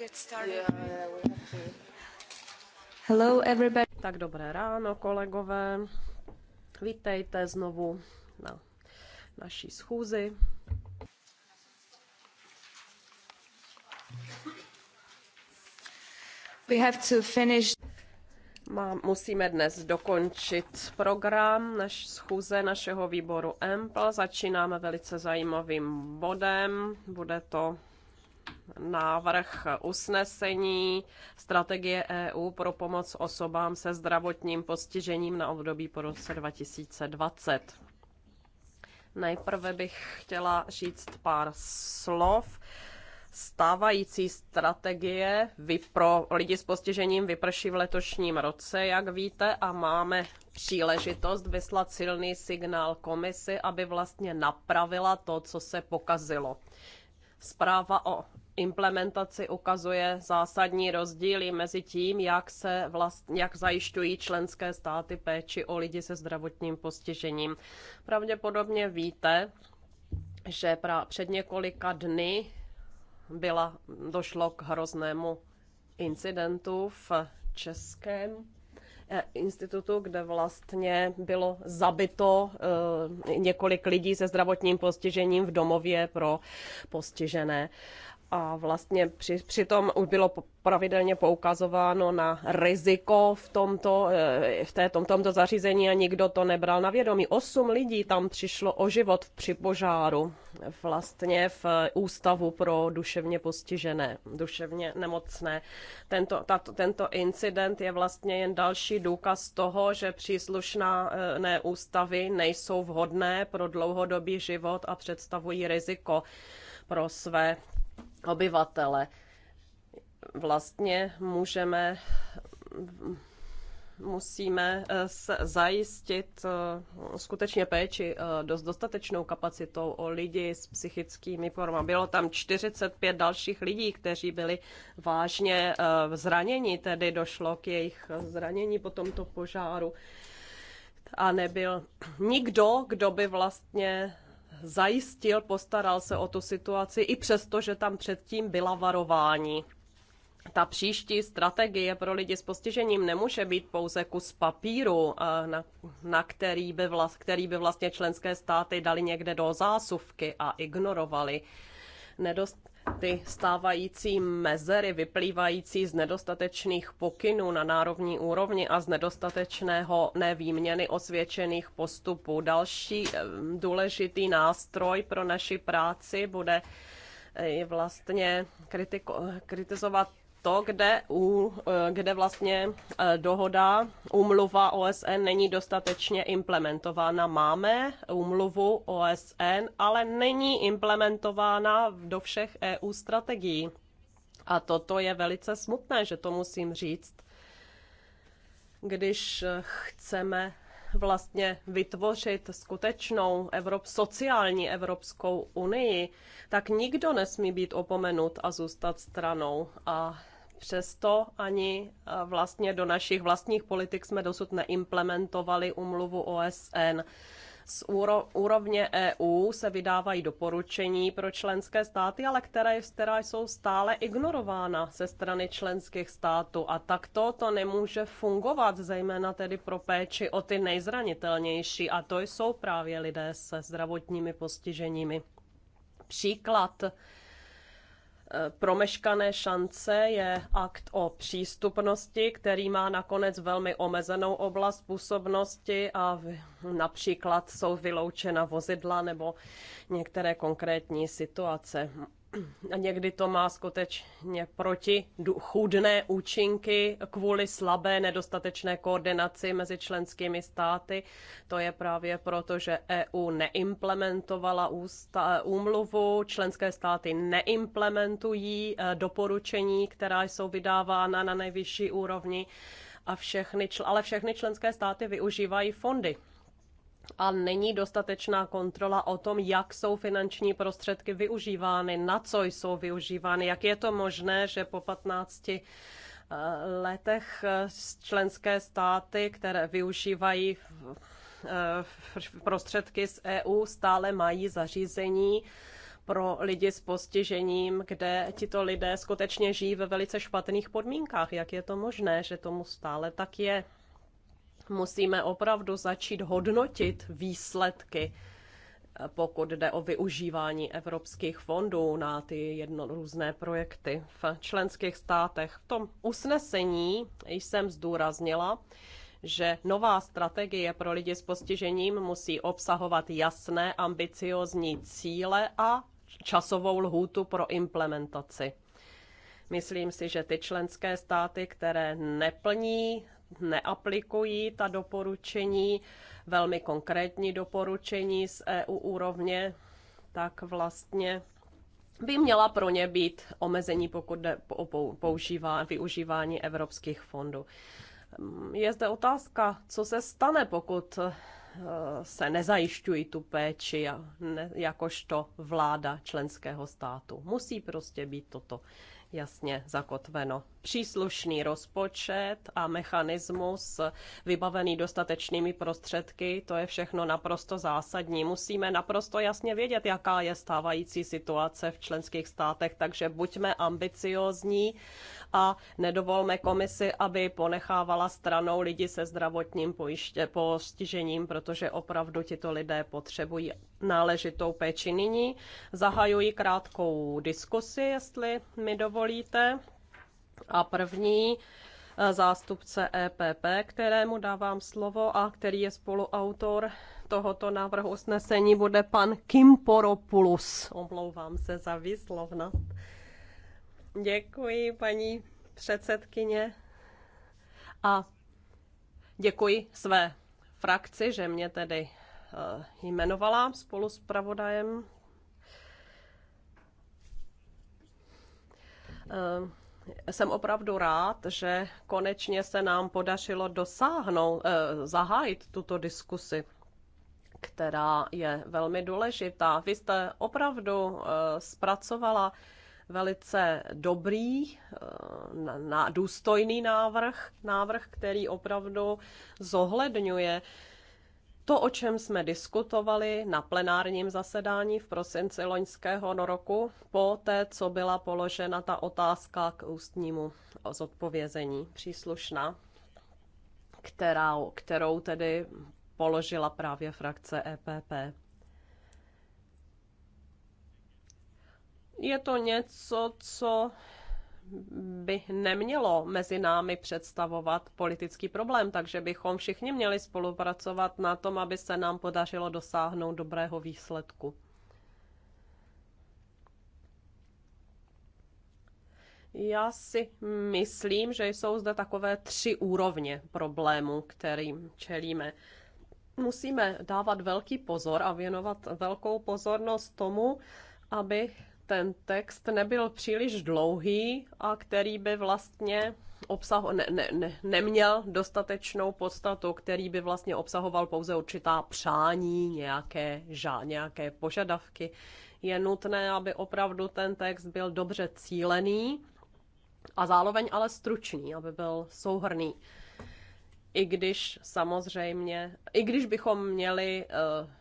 get started. Yeah, yeah, Hello everybody. Tak dobré ráno, kolegové. Vítejte znovu na naší schůzi. We have to finish Má, musíme dnes dokončit program naš schůze našeho výboru EMPL. Začínáme velice zajímavým bodem. Bude to návrh usnesení strategie EU pro pomoc osobám se zdravotním postižením na období po roce 2020. Nejprve bych chtěla říct pár slov. Stávající strategie pro lidi s postižením vyprší v letošním roce, jak víte, a máme příležitost vyslat silný signál komisi, aby vlastně napravila to, co se pokazilo. Zpráva o implementaci ukazuje zásadní rozdíly mezi tím, jak, se vlast, jak zajišťují členské státy péči o lidi se zdravotním postižením. Pravděpodobně víte, že pra, před několika dny byla, došlo k hroznému incidentu v Českém eh, institutu, kde vlastně bylo zabito eh, několik lidí se zdravotním postižením v domově pro postižené a vlastně při, přitom už bylo pravidelně poukazováno na riziko v tomto, eh, v té, tom, tomto zařízení a nikdo to nebral na vědomí. Osm lidí tam přišlo o život při požáru vlastně v eh, Ústavu pro duševně postižené, duševně nemocné. Tento, tato, tento incident je vlastně jen další důkaz toho, že příslušná eh, ne, ústavy nejsou vhodné pro dlouhodobý život a představují riziko pro své obyvatele. Vlastně můžeme musíme eh, se zajistit eh, skutečně péči eh, dost dostatečnou kapacitou o lidi s psychickými formami. Bylo tam 45 dalších lidí, kteří byli vážně zraněni, tedy došlo k jejich zranění po tomto požáru. A nebyl nikdo, kdo by vlastně zajistil, postaral se o tu situaci, i přesto, že tam předtím byla varování. Ta příští strategie pro lidi s postižením nemůže být pouze kus papíru, eh, na, na který, by vlast, který by vlastně členské státy dali někde do zásuvky a ignorovali. Nedost, ty stávající mezery vyplývající z nedostatečných pokynů na národní úrovni a z nedostatečného nevýměny osvědčených postupů. Další eh, důležitý nástroj pro naši práci bude eh, vlastně kritiko, kritizovat to, kde, u, eh, kde vlastně eh, dohoda, umluva OSN není dostatečně implementována. Máme umluvu OSN, ale není implementována do všech EU strategií. A toto je velice smutné, že to musím říct, když eh, chceme vlastně vytvořit skutečnou Evrop, sociální Evropskou unii, tak nikdo nesmí být opomenut a zůstat stranou. A Přesto ani eh, vlastně do našich vlastních politik jsme dosud neimplementovali umluvu OSN. Z úrovně EU se vydávají doporučení pro členské státy, ale které, které jsou stále ignorována ze strany členských států. A takto to nemůže fungovat, zejména tedy pro péči o ty nejzranitelnější. A to jsou právě lidé se zdravotními postiženími. Příklad promeškané šance je akt o přístupnosti, který má nakonec velmi omezenou oblast působnosti a například jsou vyloučena vozidla nebo některé konkrétní situace a někdy to má skutečně proti chudné účinky kvůli slabé nedostatečné koordinaci mezi členskými státy. To je právě proto, že EU neimplementovala ústa, úmluvu, členské státy neimplementují eh, doporučení, která jsou vydávána na nejvyšší úrovni. A všechny, ale všechny členské státy využívají fondy a není dostatečná kontrola o tom, jak jsou finanční prostředky využívány, na co jsou využívány, jak je to možné, že po 15 eh, letech eh, členské státy, které využívají eh, prostředky z EU, stále mají zařízení, pro lidi s postižením, kde tito lidé skutečně žijí ve velice špatných podmínkách. Jak je to možné, že tomu stále tak je? Musíme opravdu začít hodnotit výsledky, pokud jde o využívání evropských fondů na ty jedno, různé projekty v členských státech. V tom usnesení jsem zdůraznila, že nová strategie pro lidi s postižením musí obsahovat jasné, ambiciozní cíle a časovou lhůtu pro implementaci. Myslím si, že ty členské státy, které neplní neaplikují ta doporučení, velmi konkrétní doporučení z EU úrovně, tak vlastně by měla pro ně být omezení, pokud jde o používá, využívání evropských fondů. Je zde otázka, co se stane, pokud eh, se nezajišťují tu péči jakožto vláda členského státu. Musí prostě být toto jasně zakotveno. Příslušný rozpočet a mechanismus vybavený dostatečnými prostředky, to je všechno naprosto zásadní. Musíme naprosto jasně vědět, jaká je stávající situace v členských státech, takže buďme ambiciózní a nedovolme komisi, aby ponechávala stranou lidi se zdravotním pojiště, postižením, protože opravdu tito lidé potřebují náležitou péči nyní. Zahajuji krátkou diskusi, jestli mi dovolíte. A první eh, zástupce EPP, kterému dávám slovo a který je spoluautor tohoto návrhu usnesení, bude pan Kimporopoulos. Omlouvám se za výslovnost. Děkuji, paní předsedkyně. A děkuji své frakci, že mě tedy eh, jmenovala spolu s pravodajem. Eh, jsem opravdu rád, že konečně se nám podařilo dosáhnout, eh, zahájit tuto diskusi která je velmi důležitá. Vy jste opravdu zpracovala velice dobrý, eh, na, na, důstojný návrh, návrh, který opravdu zohledňuje to, o čem jsme diskutovali na plenárním zasedání v prosinci loňského roku, po té, co byla položena ta otázka k ústnímu zodpovězení příslušná, která, kterou tedy položila právě frakce EPP. Je to něco, co by nemělo mezi námi představovat politický problém, takže bychom všichni měli spolupracovat na tom, aby se nám podařilo dosáhnout dobrého výsledku. Já si myslím, že jsou zde takové tři úrovně problémů, kterým čelíme. Musíme dávat velký pozor a věnovat velkou pozornost tomu, aby ten text nebyl příliš dlouhý a který by vlastně obsah ne, ne, ne, neměl dostatečnou podstatu, který by vlastně obsahoval pouze určitá přání, nějaké, žá, nějaké požadavky. Je nutné, aby opravdu ten text byl dobře cílený a zároveň ale stručný, aby byl souhrný i když samozřejmě, i když bychom měli eh,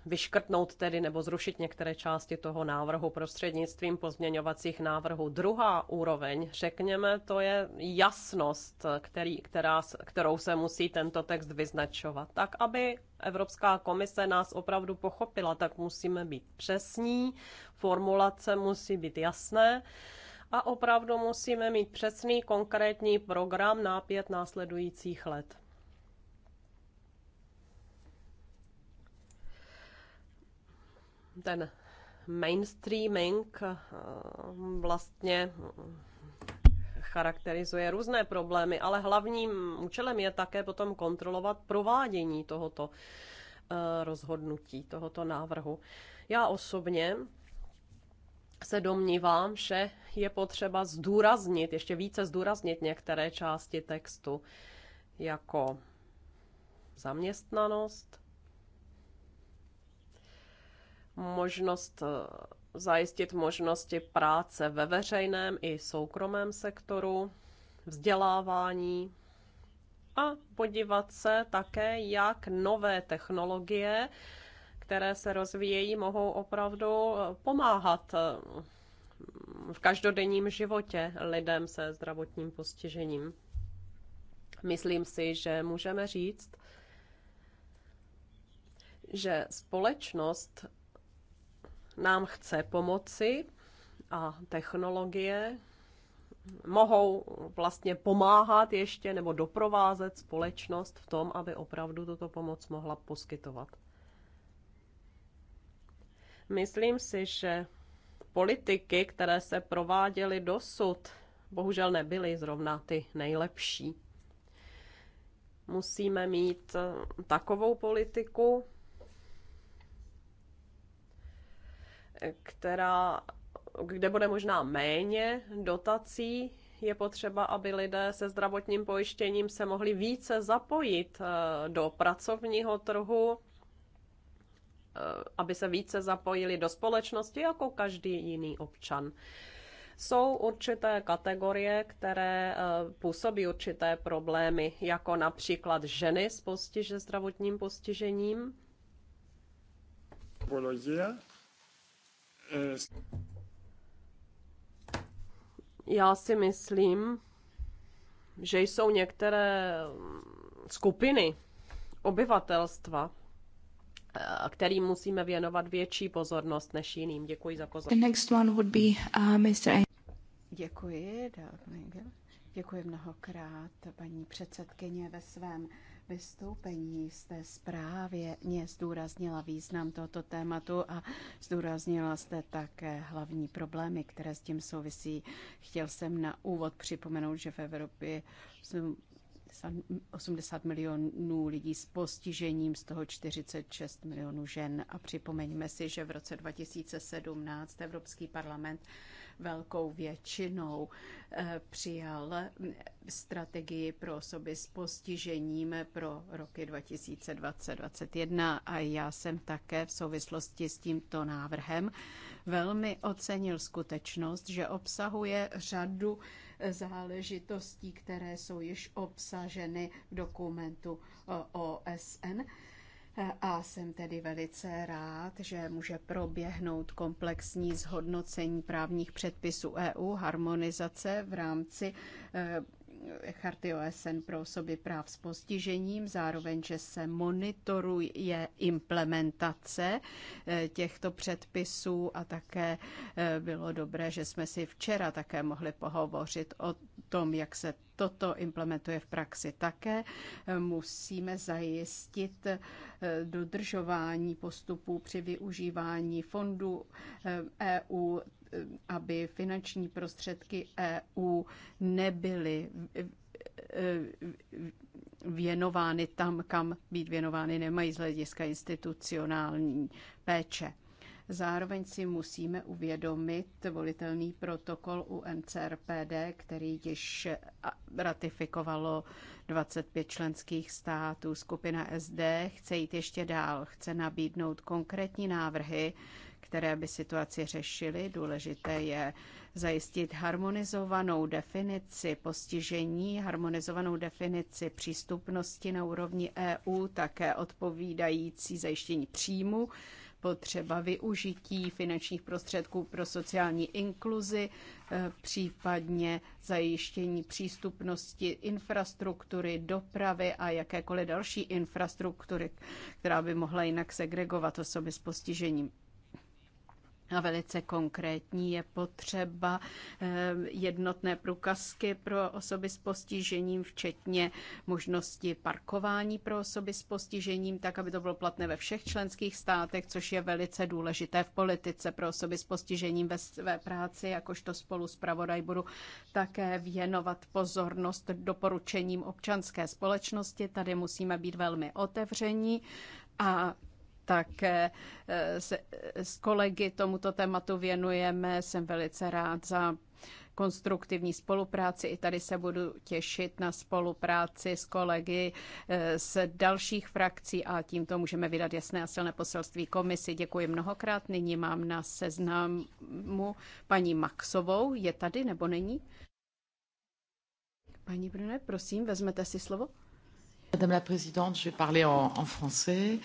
vyškrtnout tedy nebo zrušit některé části toho návrhu prostřednictvím pozměňovacích návrhů. Druhá úroveň, řekněme, to je jasnost, který, která, kterou se musí tento text vyznačovat. Tak, aby Evropská komise nás opravdu pochopila, tak musíme být přesní, formulace musí být jasné a opravdu musíme mít přesný konkrétní program na pět následujících let. ten mainstreaming eh, vlastně eh, charakterizuje různé problémy, ale hlavním účelem je také potom kontrolovat provádění tohoto eh, rozhodnutí, tohoto návrhu. Já osobně se domnívám, že je potřeba zdůraznit, ještě více zdůraznit některé části textu, jako zaměstnanost, možnost eh, zajistit možnosti práce ve veřejném i soukromém sektoru, vzdělávání a podívat se také, jak nové technologie, které se rozvíjejí, mohou opravdu eh, pomáhat eh, v každodenním životě lidem se zdravotním postižením. Myslím si, že můžeme říct, že společnost nám chce pomoci a technologie mohou vlastně pomáhat ještě nebo doprovázet společnost v tom, aby opravdu tuto pomoc mohla poskytovat. Myslím si, že politiky, které se prováděly dosud, bohužel nebyly zrovna ty nejlepší. Musíme mít takovou politiku, která, kde bude možná méně dotací, je potřeba, aby lidé se zdravotním pojištěním se mohli více zapojit eh, do pracovního trhu, eh, aby se více zapojili do společnosti jako každý jiný občan. Jsou určité kategorie, které eh, působí určité problémy, jako například ženy s postiže zdravotním postižením. Já si myslím, že jsou některé skupiny obyvatelstva, eh, kterým musíme věnovat větší pozornost než jiným. Děkuji za pozornost. The next one would be uh, Mr. Děkuji, Děkuji mnohokrát, paní předsedkyně, ve svém vystoupení jste správě, mě zdůraznila význam tohoto tématu a zdůraznila jste také hlavní problémy, které s tím souvisí. Chtěl jsem na úvod připomenout, že v Evropě 80 milionů lidí s postižením, z toho 46 milionů žen. A připomeňme si, že v roce 2017 Evropský parlament velkou většinou eh, přijal eh, strategii pro osoby s postižením pro roky 2020-2021 a já jsem také v souvislosti s tímto návrhem velmi ocenil skutečnost, že obsahuje řadu eh, záležitostí, které jsou již obsaženy v dokumentu OSN a jsem tedy velice rád, že může proběhnout komplexní zhodnocení právních předpisů EU, harmonizace v rámci eh, charty OSN pro osoby práv s postižením, zároveň, že se monitoruje implementace eh, těchto předpisů a také eh, bylo dobré, že jsme si včera také mohli pohovořit o tom, jak se toto implementuje v praxi také. Eh, musíme zajistit dodržování postupů při využívání fondů EU, e aby finanční prostředky EU nebyly eh, eh, věnovány tam, kam být věnovány nemají z hlediska institucionální péče. Zároveň si musíme uvědomit volitelný protokol UNCRPD, který již ratifikovalo 25 členských států. Skupina SD chce jít ještě dál, chce nabídnout konkrétní návrhy, které by situaci řešily. Důležité je zajistit harmonizovanou definici postižení, harmonizovanou definici přístupnosti na úrovni EU, také odpovídající zajištění příjmu, potřeba využití finančních prostředků pro sociální inkluzi, eh, případně zajištění přístupnosti infrastruktury, dopravy a jakékoliv další infrastruktury, která by mohla jinak segregovat osoby s postižením a velice konkrétní. Je potřeba eh, jednotné průkazky pro osoby s postižením, včetně možnosti parkování pro osoby s postižením, tak aby to bylo platné ve všech členských státech, což je velice důležité v politice pro osoby s postižením ve své práci, jakožto spolu s pravodaj budu také věnovat pozornost doporučením občanské společnosti. Tady musíme být velmi otevření a tak eh, s, eh, s kolegy tomuto tématu věnujeme. Jsem velice rád za konstruktivní spolupráci. I tady se budu těšit na spolupráci s kolegy eh, z dalších frakcí a tímto můžeme vydat jasné a silné poselství komisi. Děkuji mnohokrát. Nyní mám na seznamu paní Maxovou. Je tady nebo není? Paní Brune, prosím, vezmete si slovo. Madame la Présidente, je vais parler en, en français.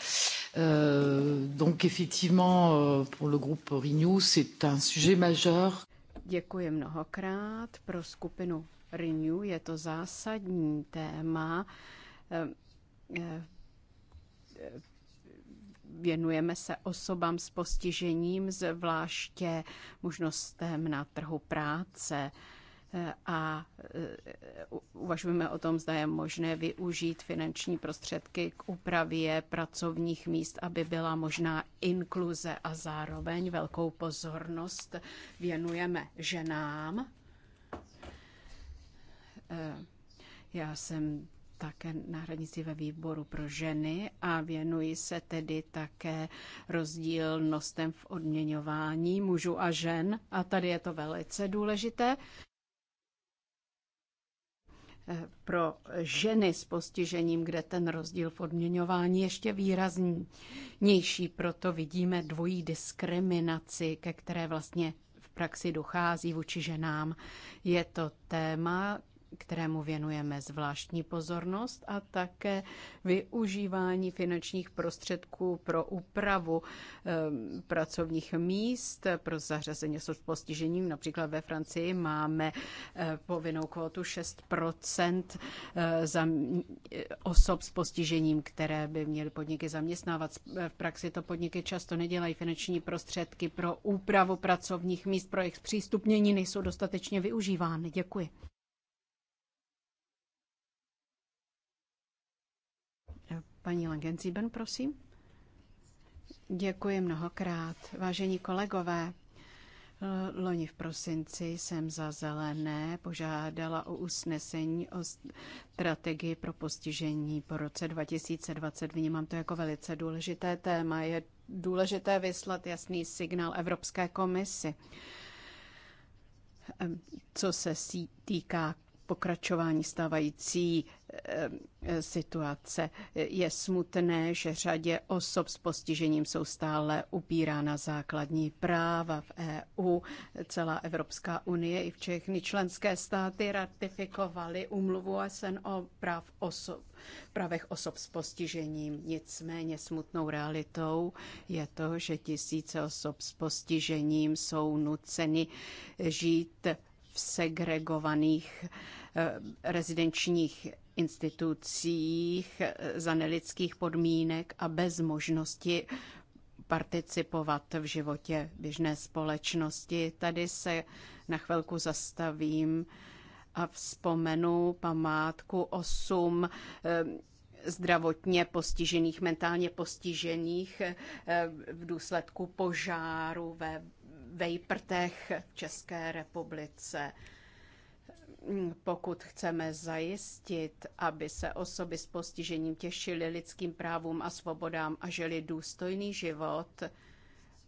Euh, donc effectivement, euh, pour le groupe Renew, c'est un sujet majeur. Děkuji mnohokrát. Pro skupinu Renew je to zásadní téma. Eh, eh, věnujeme se osobám s postižením, zvláště možnostem na trhu práce a e, uvažujeme o tom, zda je možné využít finanční prostředky k úpravě pracovních míst, aby byla možná inkluze a zároveň velkou pozornost věnujeme ženám. E, já jsem také náhradnici ve výboru pro ženy a věnuji se tedy také rozdílnostem v odměňování mužů a žen. A tady je to velice důležité. Eh, pro ženy s postižením, kde ten rozdíl v odměňování ještě výraznější. Proto vidíme dvojí diskriminaci, ke které vlastně v praxi dochází vůči ženám. Je to téma, kterému věnujeme zvláštní pozornost a také využívání finančních prostředků pro úpravu ehm, pracovních míst pro zařazení s postižením. Například ve Francii máme eh, povinnou kvotu 6 eh, za eh, osob s postižením, které by měly podniky zaměstnávat. V praxi to podniky často nedělají. Finanční prostředky pro úpravu pracovních míst, pro jejich přístupnění nejsou dostatečně využívány. Děkuji. Paní Langenzíben, prosím. Děkuji mnohokrát. Vážení kolegové, Loni v prosinci jsem za zelené požádala o usnesení o strategii pro postižení po roce 2020. Vnímám to jako velice důležité téma. Je důležité vyslat jasný signál Evropské komisi co se týká pokračování stávající eh, eh, situace. Je smutné, že řadě osob s postižením jsou stále upírána základní práva v EU. Celá Evropská unie i všechny členské státy ratifikovaly umluvu OSN o práv osob, právech osob s postižením. Nicméně smutnou realitou je to, že tisíce osob s postižením jsou nuceny žít v segregovaných Eh, rezidenčních institucích eh, za nelidských podmínek a bez možnosti participovat v životě běžné společnosti. Tady se na chvilku zastavím a vzpomenu památku 8 eh, zdravotně postižených, mentálně postižených v důsledku požáru ve Vejprtech v České republice. Mm, pokud chceme zajistit, aby se osoby s postižením těšily lidským právům a svobodám a žili důstojný život,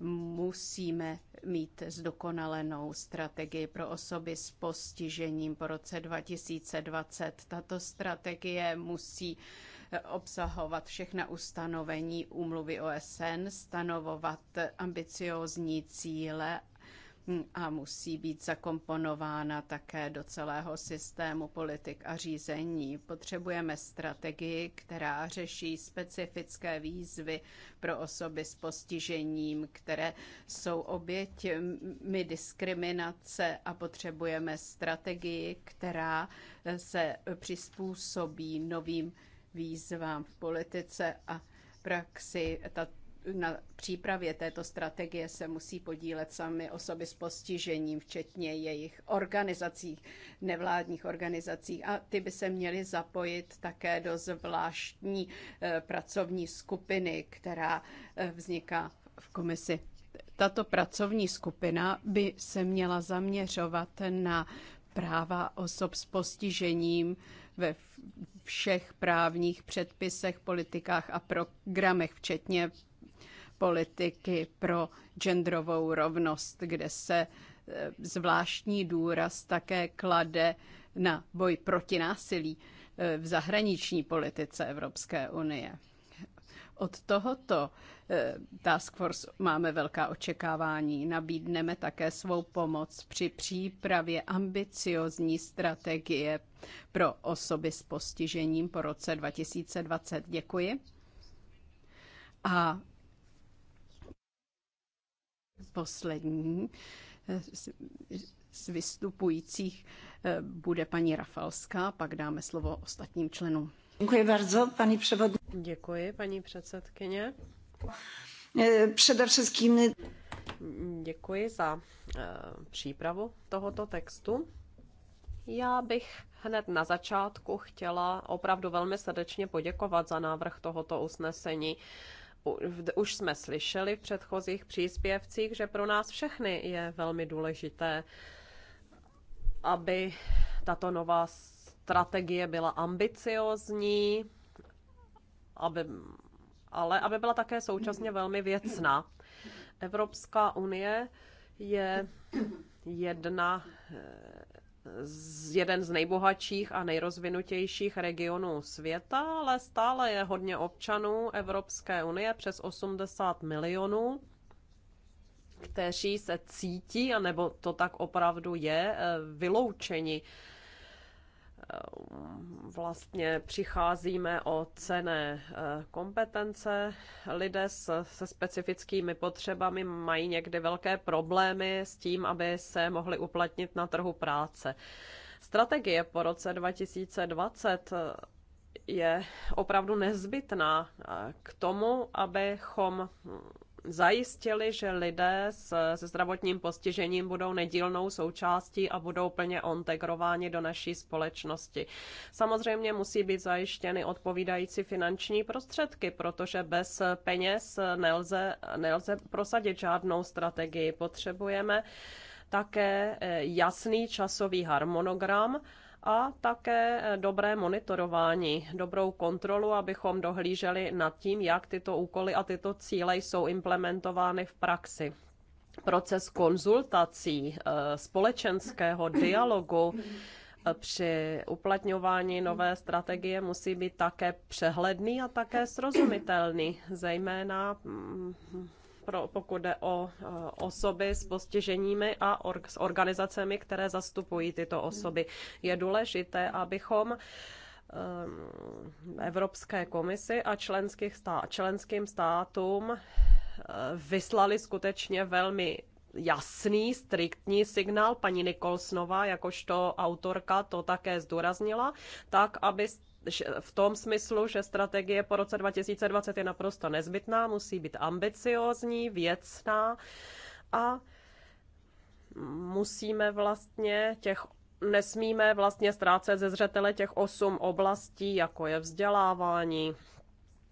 musíme mít zdokonalenou strategii pro osoby s postižením po roce 2020. Tato strategie musí eh, obsahovat všechna ustanovení úmluvy OSN, stanovovat ambiciózní cíle Hmm, a musí být zakomponována také do celého systému politik a řízení. Potřebujeme strategii, která řeší specifické výzvy pro osoby s postižením, které jsou oběťmi diskriminace a potřebujeme strategii, která se přizpůsobí novým výzvám v politice a praxi. Ta na přípravě této strategie se musí podílet sami osoby s postižením, včetně jejich organizací, nevládních organizací. A ty by se měly zapojit také do zvláštní eh, pracovní skupiny, která eh, vzniká v komisi. Tato pracovní skupina by se měla zaměřovat na práva osob s postižením ve všech právních předpisech, politikách a programech, včetně politiky pro genderovou rovnost, kde se e, zvláštní důraz také klade na boj proti násilí e, v zahraniční politice Evropské unie. Od tohoto e, Task Force máme velká očekávání. Nabídneme také svou pomoc při přípravě ambiciozní strategie pro osoby s postižením po roce 2020. Děkuji. A Poslední eh, z vystupujících eh, bude paní Rafalská, pak dáme slovo ostatním členům. Děkuji bardzo, paní převodní. Děkuji, paní předsedkyně. Eh, především děkuji za přípravu tohoto textu. Já bych hned na začátku chtěla opravdu velmi srdečně poděkovat za návrh tohoto usnesení už jsme slyšeli v předchozích příspěvcích, že pro nás všechny je velmi důležité, aby tato nová strategie byla ambiciozní, aby, ale aby byla také současně velmi věcná. Evropská unie je jedna eh, z jeden z nejbohatších a nejrozvinutějších regionů světa, ale stále je hodně občanů Evropské unie, přes 80 milionů, kteří se cítí, anebo to tak opravdu je, eh, vyloučeni Eh, vlastně přicházíme o cené eh, kompetence. Lidé se specifickými potřebami mají někdy velké problémy s tím, aby se mohli uplatnit na trhu práce. Strategie po roce 2020 eh, je opravdu nezbytná k tomu, abychom zajistili, že lidé se zdravotním postižením budou nedílnou součástí a budou plně integrováni do naší společnosti. Samozřejmě musí být zajištěny odpovídající finanční prostředky, protože bez peněz nelze, nelze prosadit žádnou strategii. Potřebujeme také eh, jasný časový harmonogram, a také eh, dobré monitorování, dobrou kontrolu, abychom dohlíželi nad tím, jak tyto úkoly a tyto cíle jsou implementovány v praxi. Proces konzultací, eh, společenského dialogu, eh, při uplatňování nové strategie musí být také přehledný a také srozumitelný, zejména mm, pro, pokud jde o e, osoby s postiženími a s organizacemi, které zastupují tyto osoby. Je důležité, abychom e, Evropské komisi a členských stát, členským státům e, vyslali skutečně velmi jasný, striktní signál. Paní Nikolsnova, jakožto autorka, to také zdůraznila, tak, aby v tom smyslu, že strategie po roce 2020 je naprosto nezbytná, musí být ambiciozní, věcná a musíme vlastně těch nesmíme vlastně ztrácet ze zřetele těch osm oblastí, jako je vzdělávání,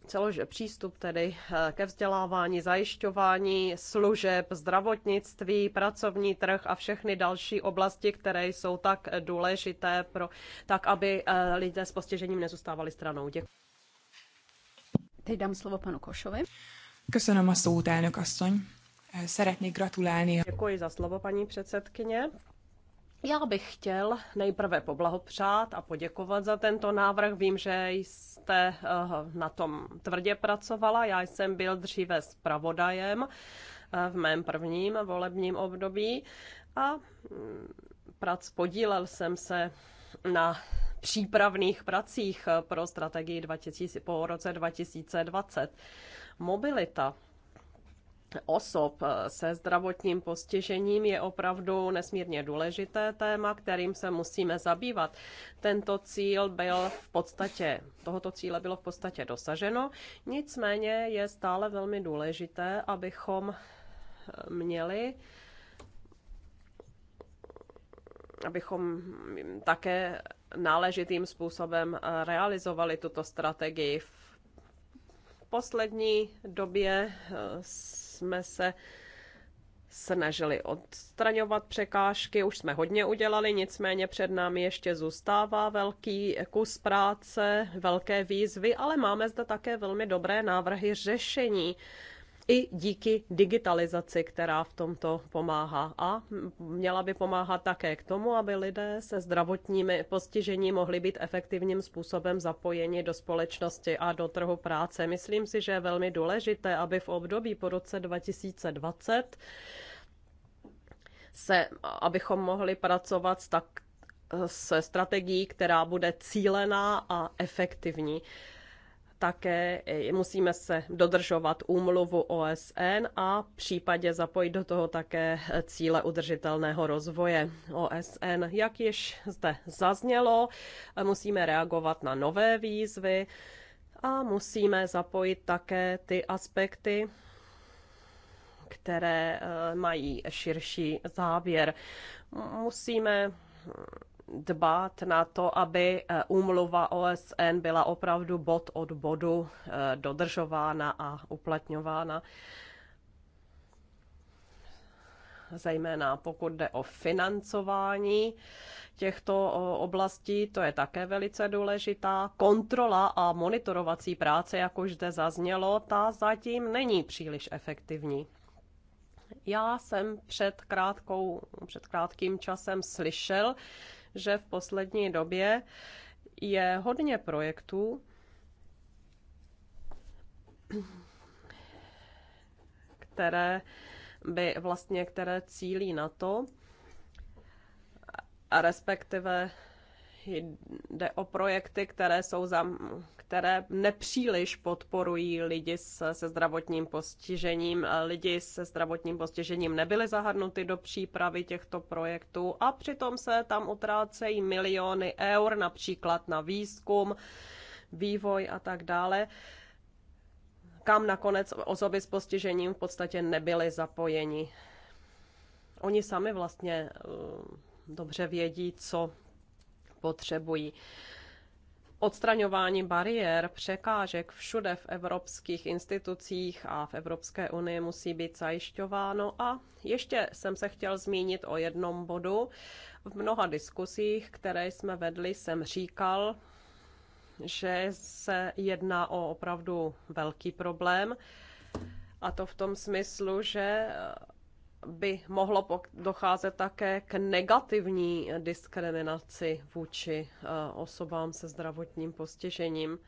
celož přístup tedy eh, ke vzdělávání, zajišťování služeb, zdravotnictví, pracovní trh a všechny další oblasti, které jsou tak důležité, pro, tak aby eh, lidé s postižením nezůstávali stranou. Děkuji. Teď dám slovo panu Košovi. Eh, Děkuji za slovo, paní předsedkyně. Já bych chtěl nejprve poblahopřát a poděkovat za tento návrh. Vím, že jste eh, na tom tvrdě pracovala. Já jsem byl dříve zpravodajem eh, v mém prvním volebním období a mm, prac podílel jsem se na přípravných pracích eh, pro strategii 2000, po roce 2020. Mobilita osob se zdravotním postižením je opravdu nesmírně důležité téma, kterým se musíme zabývat. Tento cíl byl v podstatě, tohoto cíle bylo v podstatě dosaženo, nicméně je stále velmi důležité, abychom měli abychom také náležitým způsobem realizovali tuto strategii. V poslední době jsme se snažili odstraňovat překážky, už jsme hodně udělali, nicméně před námi ještě zůstává velký kus práce, velké výzvy, ale máme zde také velmi dobré návrhy řešení i díky digitalizaci, která v tomto pomáhá. A měla by pomáhat také k tomu, aby lidé se zdravotními postižení mohli být efektivním způsobem zapojeni do společnosti a do trhu práce. Myslím si, že je velmi důležité, aby v období po roce 2020 se, abychom mohli pracovat s tak, se strategií, která bude cílená a efektivní také eh, musíme se dodržovat úmluvu OSN a případně zapojit do toho také eh, cíle udržitelného rozvoje OSN. Jak již zde zaznělo, eh, musíme reagovat na nové výzvy a musíme zapojit také ty aspekty, které mají širší závěr. Musíme dbát na to, aby eh, úmluva OSN byla opravdu bod od bodu eh, dodržována a uplatňována. Zejména pokud jde o financování těchto oblastí, to je také velice důležitá. Kontrola a monitorovací práce, jak už zde zaznělo, ta zatím není příliš efektivní. Já jsem před, krátkou, před krátkým časem slyšel, že v poslední době je hodně projektů, které by vlastně, které cílí na to, a respektive jde o projekty, které jsou, za, které nepříliš podporují lidi se, se zdravotním postižením. Lidi se zdravotním postižením nebyly zahrnuty do přípravy těchto projektů a přitom se tam utrácejí miliony eur například na výzkum, vývoj a tak dále kam nakonec osoby s postižením v podstatě nebyly zapojeni. Oni sami vlastně eh, dobře vědí, co potřebují odstraňování bariér, překážek všude v evropských institucích a v Evropské unii musí být zajišťováno. A ještě jsem se chtěl zmínit o jednom bodu. V mnoha diskusích, které jsme vedli, jsem říkal, že se jedná o opravdu velký problém. A to v tom smyslu, že by mohlo docházet také k negativní diskriminaci vůči eh, osobám se zdravotním postižením.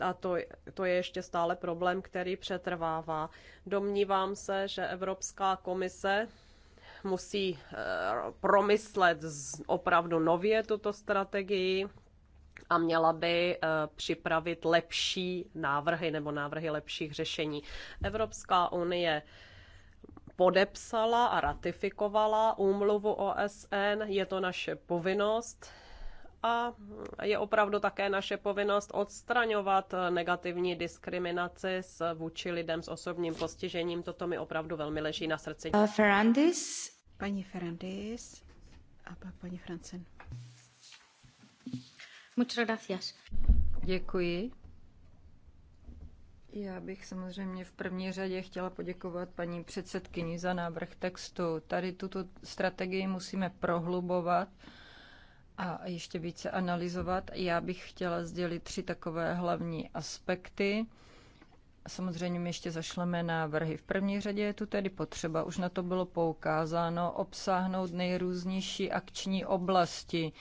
A to, to je ještě stále problém, který přetrvává. Domnívám se, že Evropská komise musí eh, promyslet opravdu nově tuto strategii a měla by eh, připravit lepší návrhy nebo návrhy lepších řešení. Evropská unie podepsala a ratifikovala úmluvu OSN. Je to naše povinnost a je opravdu také naše povinnost odstraňovat negativní diskriminaci s vůči lidem s osobním postižením. Toto mi opravdu velmi leží na srdci. Uh, Ferrandis. Paní Ferrandis a pak paní Francen. Muchas gracias. Děkuji. Já bych samozřejmě v první řadě chtěla poděkovat paní předsedkyni za návrh textu. Tady tuto strategii musíme prohlubovat a ještě více analyzovat. Já bych chtěla sdělit tři takové hlavní aspekty. Samozřejmě my ještě zašleme návrhy. V první řadě je tu tedy potřeba, už na to bylo poukázáno, obsáhnout nejrůznější akční oblasti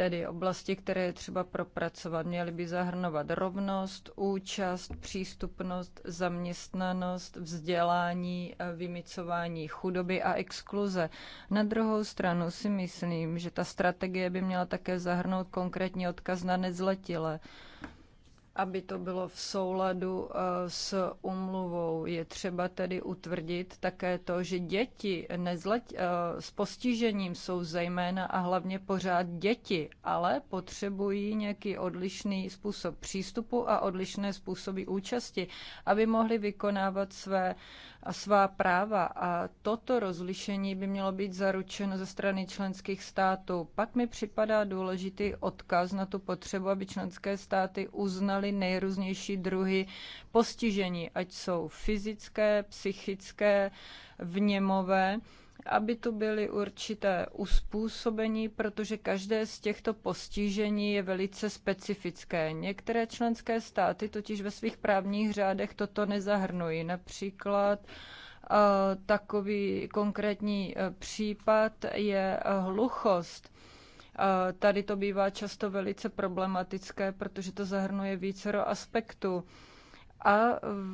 tedy oblasti, které je třeba propracovat. Měly by zahrnovat rovnost, účast, přístupnost, zaměstnanost, vzdělání, eh, vymicování chudoby a exkluze. Na druhou stranu si myslím, že ta strategie by měla také zahrnout konkrétní odkaz na nezletile, aby to bylo v souladu eh, s umluvou je třeba tedy utvrdit také to, že děti nezleť, eh, s postižením jsou zejména a hlavně pořád děti, ale potřebují nějaký odlišný způsob přístupu a odlišné způsoby účasti, aby mohli vykonávat své a svá práva. A toto rozlišení by mělo být zaručeno ze strany členských států. Pak mi připadá důležitý odkaz na tu potřebu, aby členské státy uznaly nejrůznější druhy postižení, ať jsou fyzické, psychické, vněmové, aby tu byly určité uspůsobení, protože každé z těchto postižení je velice specifické. Některé členské státy totiž ve svých právních řádech toto nezahrnují. Například eh, takový konkrétní eh, případ je eh, hluchost. Tady to bývá často velice problematické, protože to zahrnuje vícero aspektů. A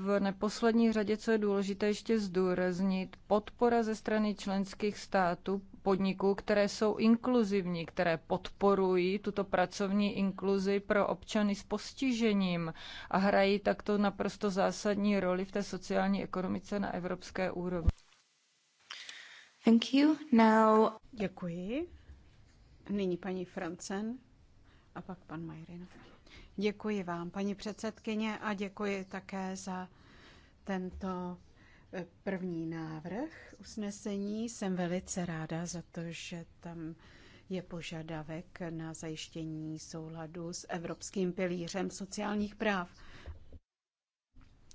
v neposlední řadě, co je důležité ještě zdůraznit, podpora ze strany členských států podniků, které jsou inkluzivní, které podporují tuto pracovní inkluzi pro občany s postižením a hrají takto naprosto zásadní roli v té sociální ekonomice na evropské úrovni. Thank you. Now... Děkuji. Nyní paní Francen a pak pan Majrina. Děkuji vám, paní předsedkyně, a děkuji také za tento eh, první návrh usnesení. Jsem velice ráda za to, že tam je požadavek na zajištění souladu s Evropským pilířem sociálních práv.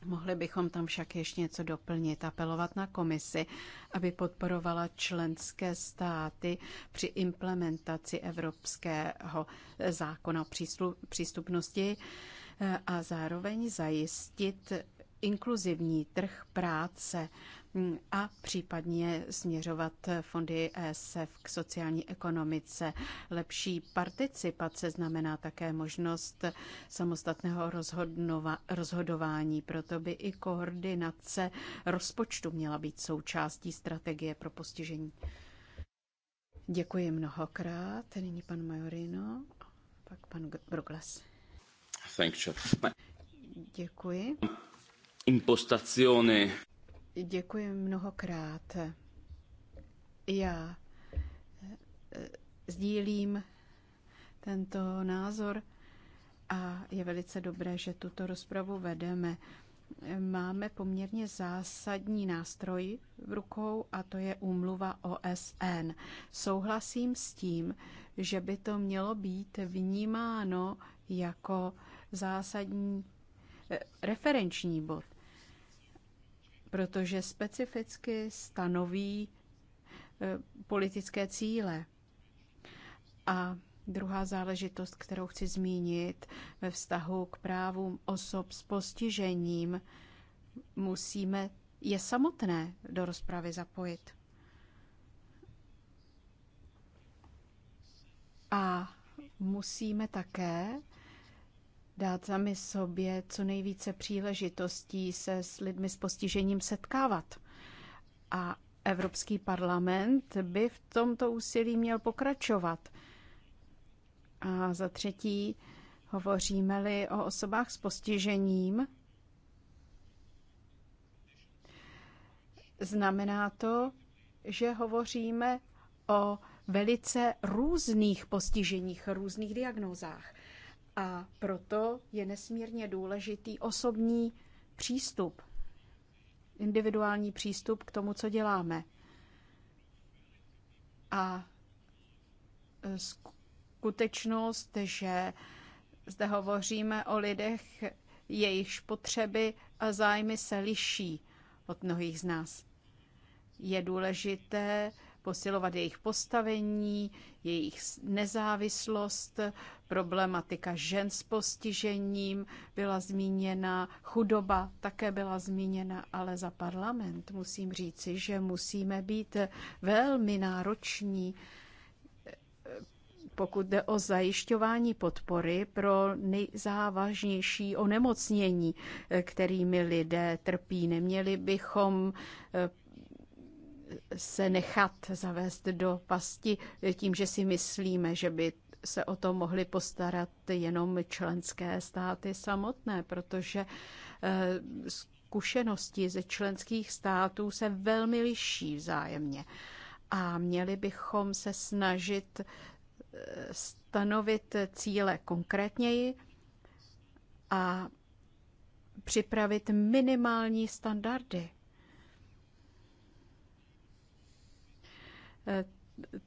Mohli bychom tam však ještě něco doplnit, apelovat na komisi, aby podporovala členské státy při implementaci evropského zákona o přístupnosti eh, a zároveň zajistit inkluzivní trh práce a případně směřovat fondy ESF k sociální ekonomice. Lepší participace znamená také možnost samostatného rozhodování, proto by i koordinace rozpočtu měla být součástí strategie pro postižení. Děkuji mnohokrát. Nyní pan Majorino, pak pan Brugles. Thank you. Děkuji. Impostazione. Děkuji mnohokrát. Já eh, sdílím tento názor a je velice dobré, že tuto rozpravu vedeme. Máme poměrně zásadní nástroj v rukou a to je úmluva OSN. Souhlasím s tím, že by to mělo být vnímáno jako zásadní eh, referenční bod protože specificky stanoví eh, politické cíle. A druhá záležitost, kterou chci zmínit ve vztahu k právům osob s postižením, musíme je samotné do rozpravy zapojit. A musíme také dát sami sobě co nejvíce příležitostí se s lidmi s postižením setkávat. A Evropský parlament by v tomto úsilí měl pokračovat. A za třetí, hovoříme-li o osobách s postižením, znamená to, že hovoříme o velice různých postiženích, různých diagnózách. A proto je nesmírně důležitý osobní přístup, individuální přístup k tomu, co děláme. A e, skutečnost, že zde hovoříme o lidech, jejichž potřeby a zájmy se liší od mnohých z nás. Je důležité posilovat jejich postavení, jejich nezávislost, problematika žen s postižením byla zmíněna, chudoba také byla zmíněna, ale za parlament musím říci, že musíme být velmi nároční, pokud jde o zajišťování podpory pro nejzávažnější onemocnění, kterými lidé trpí. Neměli bychom eh, se nechat zavést do pasti tím, že si myslíme, že by se o to mohly postarat jenom členské státy samotné, protože eh, zkušenosti ze členských států se velmi liší vzájemně. A měli bychom se snažit eh, stanovit cíle konkrétněji a připravit minimální standardy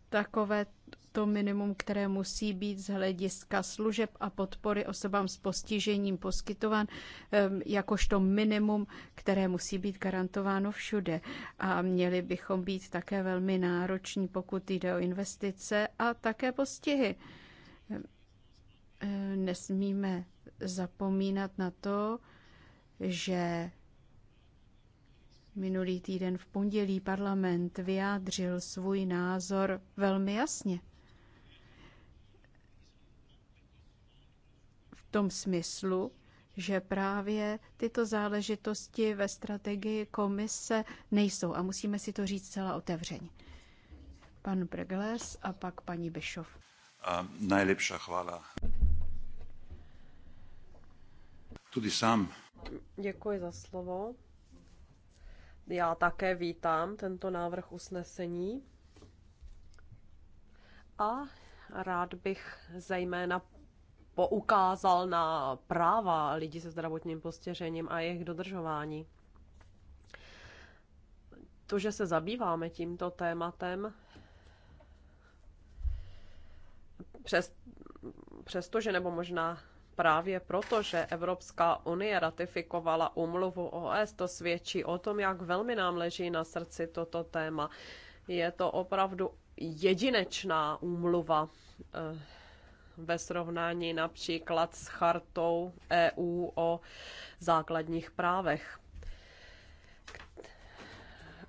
takové to minimum, které musí být z hlediska služeb a podpory osobám s postižením poskytován, jakožto minimum, které musí být garantováno všude. A měli bychom být také velmi nároční, pokud jde o investice a také postihy. Nesmíme zapomínat na to, že Minulý týden v pondělí parlament vyjádřil svůj názor velmi jasně. V tom smyslu, že právě tyto záležitosti ve strategii komise nejsou a musíme si to říct celá otevřeně. Pan Bregles a pak paní Bešov. Nejlepší chvála. Tudy sám. Děkuji za slovo. Já také vítám tento návrh usnesení a rád bych zejména poukázal na práva lidí se zdravotním postižením a jejich dodržování. To, že se zabýváme tímto tématem, přes, přestože nebo možná Právě proto, že Evropská unie ratifikovala umluvu OS, to svědčí o tom, jak velmi nám leží na srdci toto téma. Je to opravdu jedinečná úmluva eh, ve srovnání například s chartou EU o základních právech.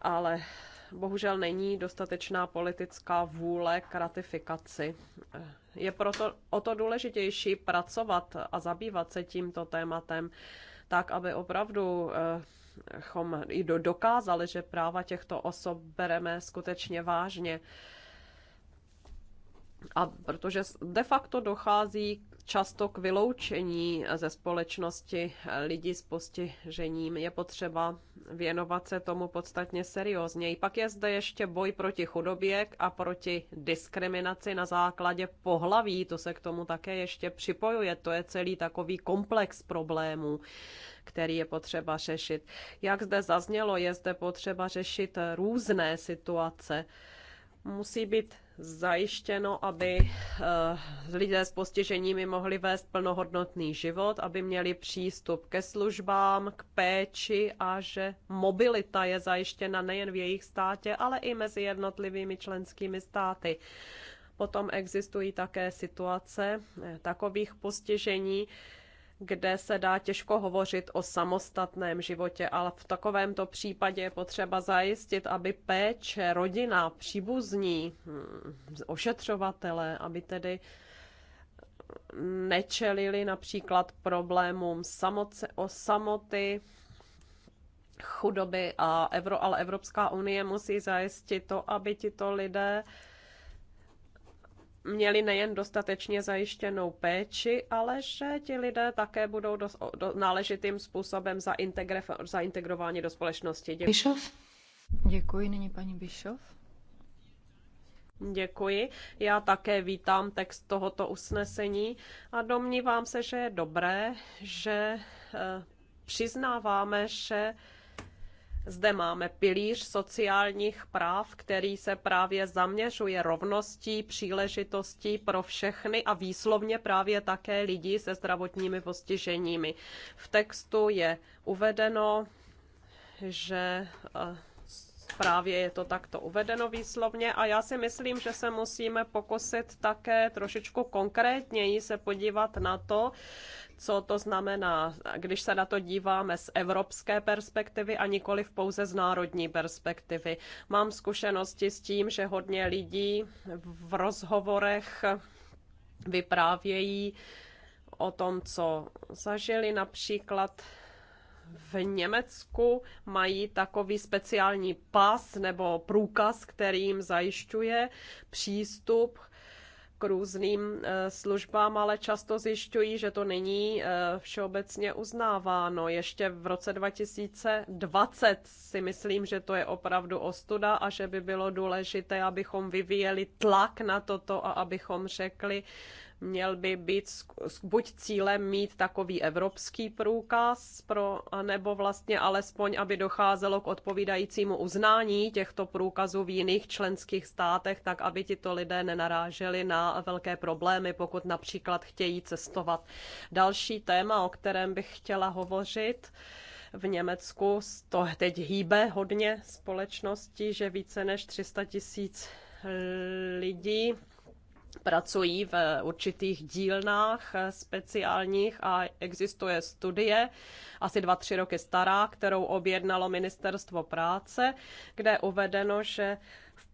Ale bohužel není dostatečná politická vůle k ratifikaci. Je proto o to důležitější pracovat a zabývat se tímto tématem tak, aby opravdu eh, chom i dokázali, že práva těchto osob bereme skutečně vážně. A protože de facto dochází často k vyloučení ze společnosti lidí s postižením. Je potřeba věnovat se tomu podstatně I Pak je zde ještě boj proti chudobě a proti diskriminaci na základě pohlaví. To se k tomu také ještě připojuje. To je celý takový komplex problémů který je potřeba řešit. Jak zde zaznělo, je zde potřeba řešit různé situace. Musí být zajištěno, aby eh, lidé s postiženími mohli vést plnohodnotný život, aby měli přístup ke službám, k péči a že mobilita je zajištěna nejen v jejich státě, ale i mezi jednotlivými členskými státy. Potom existují také situace eh, takových postižení, kde se dá těžko hovořit o samostatném životě, ale v takovémto případě je potřeba zajistit, aby péče, rodina, příbuzní, hm, ošetřovatele, aby tedy nečelili například problémům samoce, o samoty, chudoby, a Evro, ale Evropská unie musí zajistit to, aby tito lidé měli nejen dostatečně zajištěnou péči, ale že ti lidé také budou do, do, náležitým způsobem zaintegre, zaintegrováni do společnosti. Děkuji. Bischof? Děkuji, nyní paní Bischof. Děkuji. Já také vítám text tohoto usnesení a domnívám se, že je dobré, že eh, přiznáváme, že eh, zde máme pilíř sociálních práv, který se právě zaměřuje rovností, příležitostí pro všechny a výslovně právě také lidi se zdravotními postiženími. V textu je uvedeno, že eh, Právě je to takto uvedeno výslovně a já si myslím, že se musíme pokusit také trošičku konkrétněji se podívat na to, co to znamená, když se na to díváme z evropské perspektivy a nikoli pouze z národní perspektivy. Mám zkušenosti s tím, že hodně lidí v rozhovorech vyprávějí o tom, co zažili například v Německu mají takový speciální pas nebo průkaz, který jim zajišťuje přístup k různým e, službám, ale často zjišťují, že to není e, všeobecně uznáváno. Ještě v roce 2020 si myslím, že to je opravdu ostuda a že by bylo důležité, abychom vyvíjeli tlak na toto a abychom řekli, měl by být buď cílem mít takový evropský průkaz, pro, nebo vlastně alespoň, aby docházelo k odpovídajícímu uznání těchto průkazů v jiných členských státech, tak aby tito lidé nenaráželi na velké problémy, pokud například chtějí cestovat. Další téma, o kterém bych chtěla hovořit, v Německu to teď hýbe hodně společnosti, že více než 300 tisíc lidí pracují v určitých dílnách eh, speciálních a existuje studie, asi dva, tři roky stará, kterou objednalo Ministerstvo práce, kde je uvedeno, že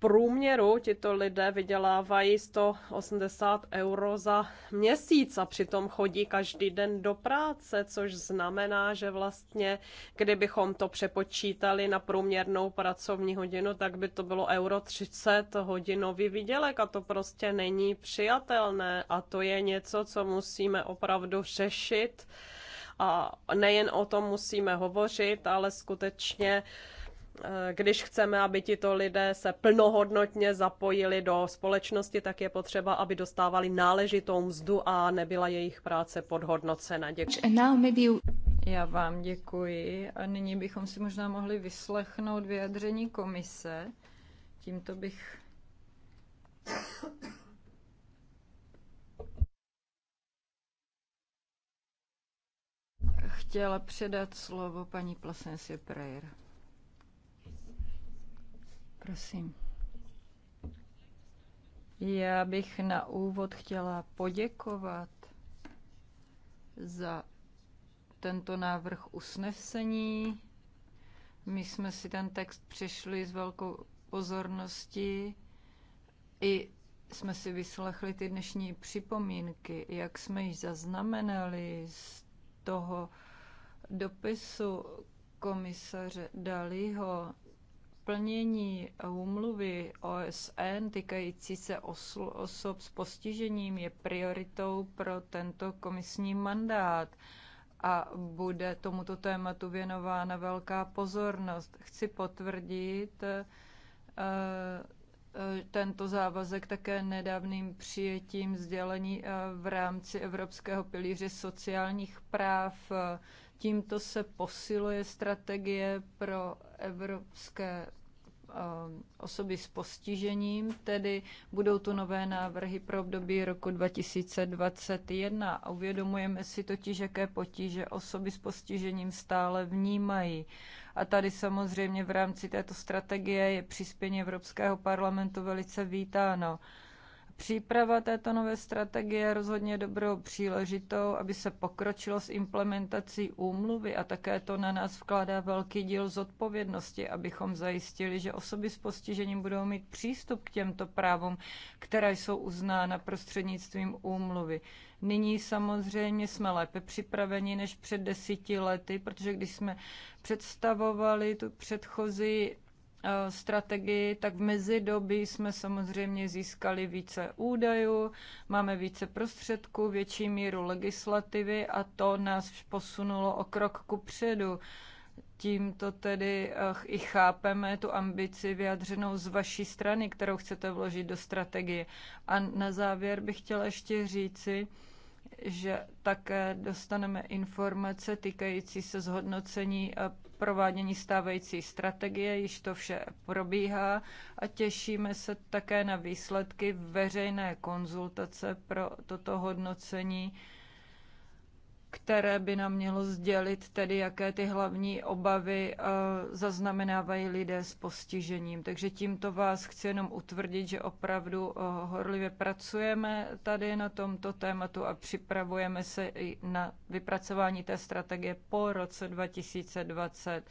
průměru tito lidé vydělávají 180 euro za měsíc a přitom chodí každý den do práce, což znamená, že vlastně, kdybychom to přepočítali na průměrnou pracovní hodinu, tak by to bylo euro 30 hodinový vydělek a to prostě není přijatelné a to je něco, co musíme opravdu řešit a nejen o tom musíme hovořit, ale skutečně uh, Eh, když chceme, aby tito lidé se plnohodnotně zapojili do společnosti, tak je potřeba, aby dostávali náležitou mzdu a nebyla jejich práce podhodnocena. Děkuji. Já vám děkuji a nyní bychom si možná mohli vyslechnout vyjadření komise. Tímto bych chtěla předat slovo paní Plasensie Prayer. Prosím. Já bych na úvod chtěla poděkovat za tento návrh usnesení. My jsme si ten text přešli s velkou pozorností i jsme si vyslechli ty dnešní připomínky, jak jsme již zaznamenali z toho dopisu komisaře Dalího plnění úmluvy OSN týkající se osl- osob s postižením je prioritou pro tento komisní mandát a bude tomuto tématu věnována velká pozornost. Chci potvrdit eh, eh, tento závazek také nedávným přijetím sdělení eh, v rámci Evropského pilíře sociálních práv. Tímto se posiluje strategie pro evropské um, osoby s postižením, tedy budou tu nové návrhy pro období roku 2021. A uvědomujeme si totiž, jaké potíže osoby s postižením stále vnímají. A tady samozřejmě v rámci této strategie je přispění Evropského parlamentu velice vítáno. Příprava této nové strategie je rozhodně dobrou příležitou, aby se pokročilo s implementací úmluvy a také to na nás vkládá velký díl zodpovědnosti, abychom zajistili, že osoby s postižením budou mít přístup k těmto právům, která jsou uznána prostřednictvím úmluvy. Nyní samozřejmě jsme lépe připraveni než před desíti lety, protože když jsme představovali tu předchozí Eh, strategii, tak v mezidobí jsme samozřejmě získali více údajů, máme více prostředků, větší míru legislativy a to nás posunulo o krok ku předu. Tímto tedy eh, i chápeme tu ambici vyjadřenou z vaší strany, kterou chcete vložit do strategie. A na závěr bych chtěla ještě říci, že také dostaneme informace týkající se zhodnocení a provádění stávající strategie, již to vše probíhá a těšíme se také na výsledky veřejné konzultace pro toto hodnocení které by nám mělo sdělit tedy, jaké ty hlavní obavy eh, zaznamenávají lidé s postižením. Takže tímto vás chci jenom utvrdit, že opravdu eh, horlivě pracujeme tady na tomto tématu a připravujeme se i na vypracování té strategie po roce 2020.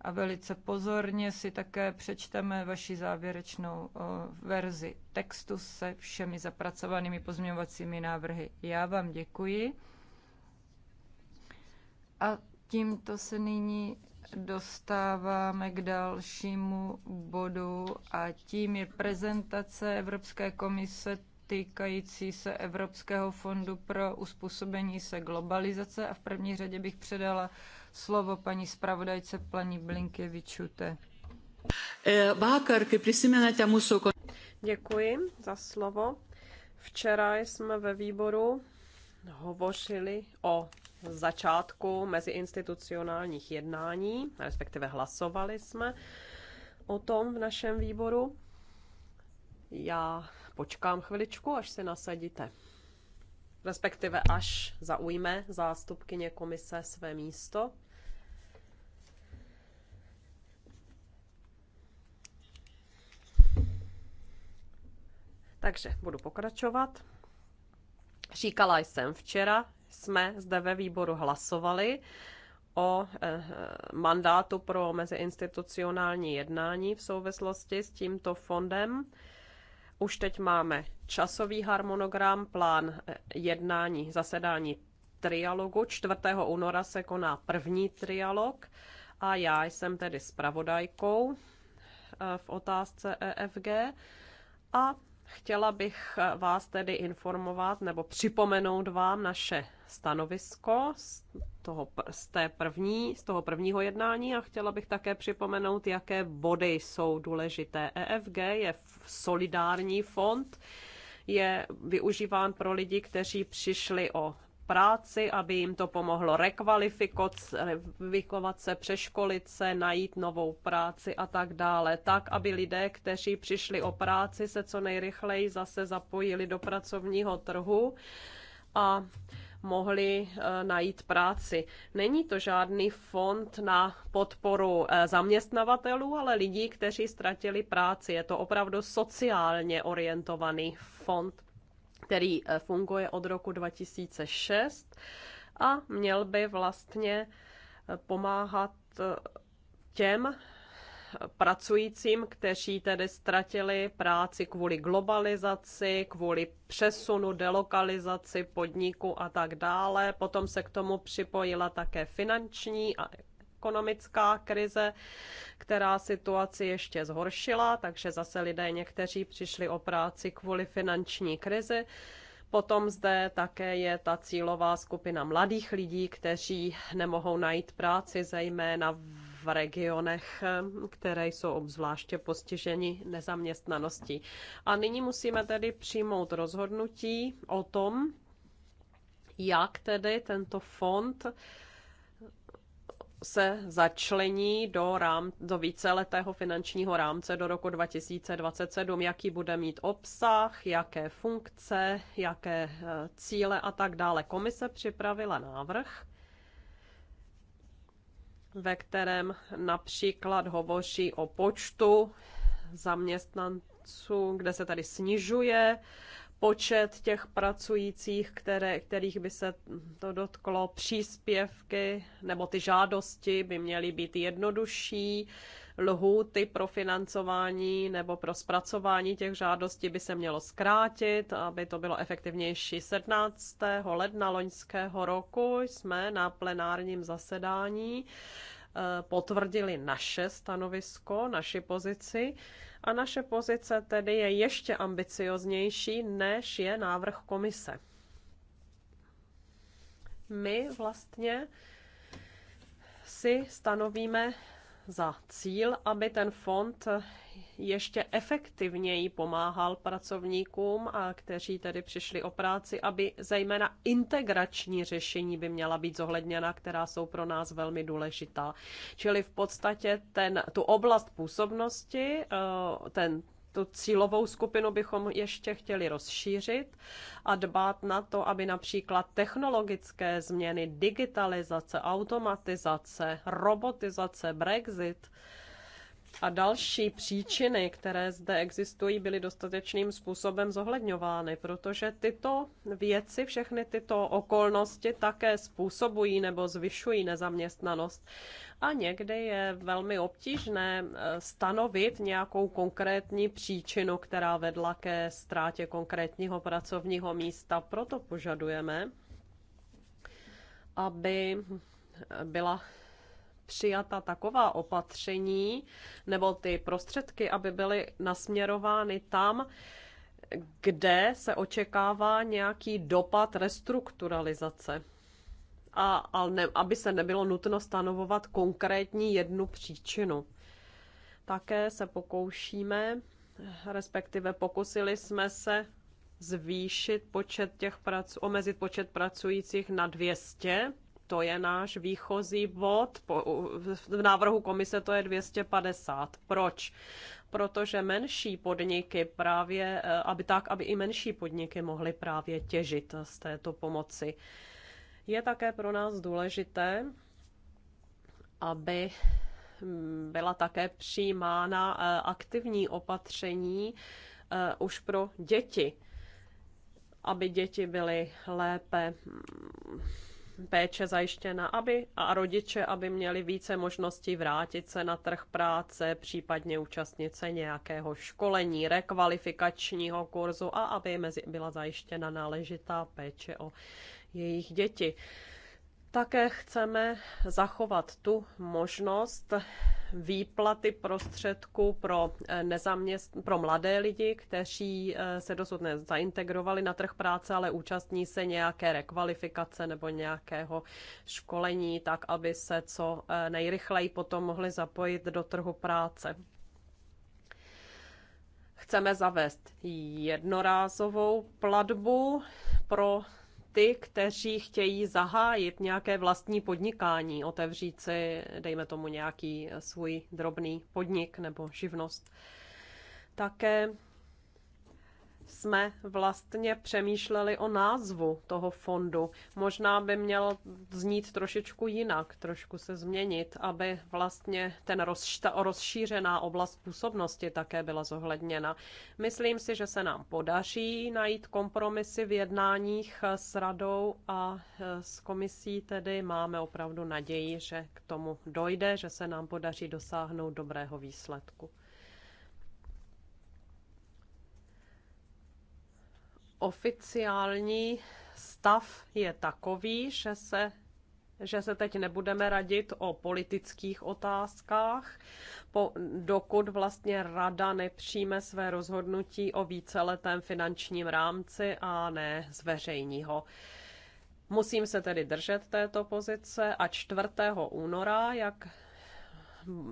A velice pozorně si také přečteme vaši závěrečnou eh, verzi textu se všemi zapracovanými pozměňovacími návrhy. Já vám děkuji. A tímto se nyní dostáváme k dalšímu bodu a tím je prezentace Evropské komise týkající se Evropského fondu pro uspůsobení se globalizace a v první řadě bych předala slovo paní zpravodajce paní Blinkevičute. E, Děkuji za slovo. Včera jsme ve výboru hovořili o začátku meziinstitucionálních jednání, respektive hlasovali jsme o tom v našem výboru. Já počkám chviličku, až se nasadíte. Respektive až zaujme zástupkyně komise své místo. Takže budu pokračovat. Říkala jsem včera, jsme zde ve výboru hlasovali o eh, mandátu pro meziinstitucionální jednání v souvislosti s tímto fondem. Už teď máme časový harmonogram, plán eh, jednání, zasedání trialogu. 4. února se koná první trialog a já jsem tedy spravodajkou eh, v otázce EFG a Chtěla bych vás tedy informovat nebo připomenout vám naše stanovisko z, toho, z, té první, z toho prvního jednání a chtěla bych také připomenout, jaké body jsou důležité. EFG je solidární fond, je využíván pro lidi, kteří přišli o práci, aby jim to pomohlo rekvalifikovat se, přeškolit se, najít novou práci a tak dále. Tak, aby lidé, kteří přišli o práci, se co nejrychleji zase zapojili do pracovního trhu a mohli e, najít práci. Není to žádný fond na podporu e, zaměstnavatelů, ale lidí, kteří ztratili práci. Je to opravdu sociálně orientovaný fond který eh, funguje od roku 2006 a měl by vlastně eh, pomáhat eh, těm pracujícím, kteří tedy ztratili práci kvůli globalizaci, kvůli přesunu, delokalizaci podniku a tak dále. Potom se k tomu připojila také finanční a ekonomická krize, která situaci ještě zhoršila, takže zase lidé někteří přišli o práci kvůli finanční krizi. Potom zde také je ta cílová skupina mladých lidí, kteří nemohou najít práci, zejména v regionech, které jsou obzvláště postiženi nezaměstnaností. A nyní musíme tedy přijmout rozhodnutí o tom, jak tedy tento fond se začlení do, rám, do víceletého finančního rámce do roku 2027, jaký bude mít obsah, jaké funkce, jaké eh, cíle a tak dále. Komise připravila návrh, ve kterém například hovoří o počtu zaměstnanců, kde se tady snižuje počet těch pracujících, které, kterých by se to dotklo, příspěvky nebo ty žádosti by měly být jednodušší, lhůty pro financování nebo pro zpracování těch žádostí by se mělo zkrátit, aby to bylo efektivnější. 17. ledna loňského roku jsme na plenárním zasedání Eh, potvrdili naše stanovisko, naši pozici a naše pozice tedy je ještě ambicioznější, než je návrh komise. My vlastně si stanovíme za cíl, aby ten fond ještě efektivněji pomáhal pracovníkům, a kteří tedy přišli o práci, aby zejména integrační řešení by měla být zohledněna, která jsou pro nás velmi důležitá. Čili v podstatě ten, tu oblast působnosti, eh, ten, tu cílovou skupinu bychom ještě chtěli rozšířit a dbát na to, aby například technologické změny, digitalizace, automatizace, robotizace, Brexit, a další příčiny, které zde existují, byly dostatečným způsobem zohledňovány, protože tyto věci, všechny tyto okolnosti také způsobují nebo zvyšují nezaměstnanost. A někdy je velmi obtížné eh, stanovit nějakou konkrétní příčinu, která vedla ke ztrátě konkrétního pracovního místa. Proto požadujeme, aby byla přijata taková opatření nebo ty prostředky, aby byly nasměrovány tam, kde se očekává nějaký dopad restrukturalizace. A, a ne, aby se nebylo nutno stanovovat konkrétní jednu příčinu. Také se pokoušíme, respektive pokusili jsme se zvýšit počet těch prac, omezit počet pracujících na 200 to je náš výchozí bod. V návrhu komise to je 250. Proč? Protože menší podniky právě, eh, aby tak, aby i menší podniky mohly právě těžit z této pomoci. Je také pro nás důležité, aby byla také přijímána eh, aktivní opatření eh, už pro děti, aby děti byly lépe hm, péče zajištěna, aby a rodiče, aby měli více možností vrátit se na trh práce, případně účastnit se nějakého školení, rekvalifikačního kurzu a aby mezi, byla zajištěna náležitá péče o jejich děti. Také chceme zachovat tu možnost výplaty prostředků pro, eh, nezaměst... pro mladé lidi, kteří eh, se dosud nezaintegrovali na trh práce, ale účastní se nějaké rekvalifikace nebo nějakého školení, tak aby se co eh, nejrychleji potom mohli zapojit do trhu práce. Chceme zavést jednorázovou platbu pro ty, kteří chtějí zahájit nějaké vlastní podnikání, otevřít si, dejme tomu, nějaký svůj drobný podnik nebo živnost. Také jsme vlastně přemýšleli o názvu toho fondu. Možná by měl znít trošičku jinak, trošku se změnit, aby vlastně ten rozšta, rozšířená oblast působnosti také byla zohledněna. Myslím si, že se nám podaří najít kompromisy v jednáních s radou a e, s komisí, tedy máme opravdu naději, že k tomu dojde, že se nám podaří dosáhnout dobrého výsledku. Oficiální stav je takový, že se že se teď nebudeme radit o politických otázkách, po, dokud vlastně rada nepřijme své rozhodnutí o víceletém finančním rámci a ne zveřejní ho. Musím se tedy držet této pozice a 4. února, jak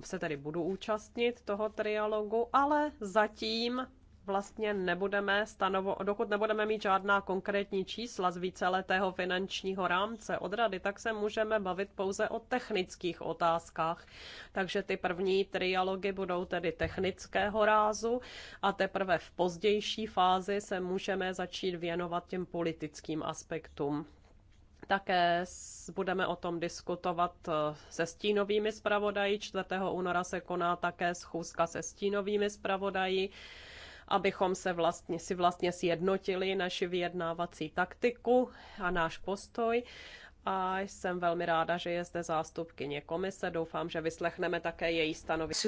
se tedy budu účastnit toho trialogu, ale zatím vlastně nebudeme stanovo, dokud nebudeme mít žádná konkrétní čísla z víceletého finančního rámce od rady, tak se můžeme bavit pouze o technických otázkách. Takže ty první trialogy budou tedy technického rázu a teprve v pozdější fázi se můžeme začít věnovat těm politickým aspektům. Také budeme o tom diskutovat eh, se stínovými zpravodaji. 4. února se koná také schůzka se stínovými zpravodaji abychom se vlastně, si vlastně sjednotili naši vyjednávací taktiku a náš postoj a jsem velmi ráda, že je zde zástupkyně komise. Doufám, že vyslechneme také její stanovisko.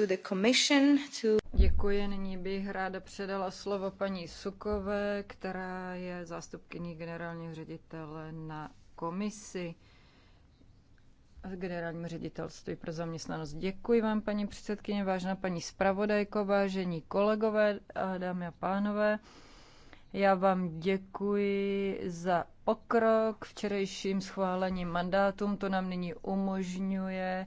Děkuji. Nyní bych ráda předala slovo paní Sukové, která je zástupkyní generálního ředitele na komisi generálním ředitelství pro zaměstnanost. Děkuji vám, paní předsedkyně, vážná paní zpravodajko, vážení kolegové, dámy a pánové. Já vám děkuji za pokrok včerejším schválením mandátům. To nám nyní umožňuje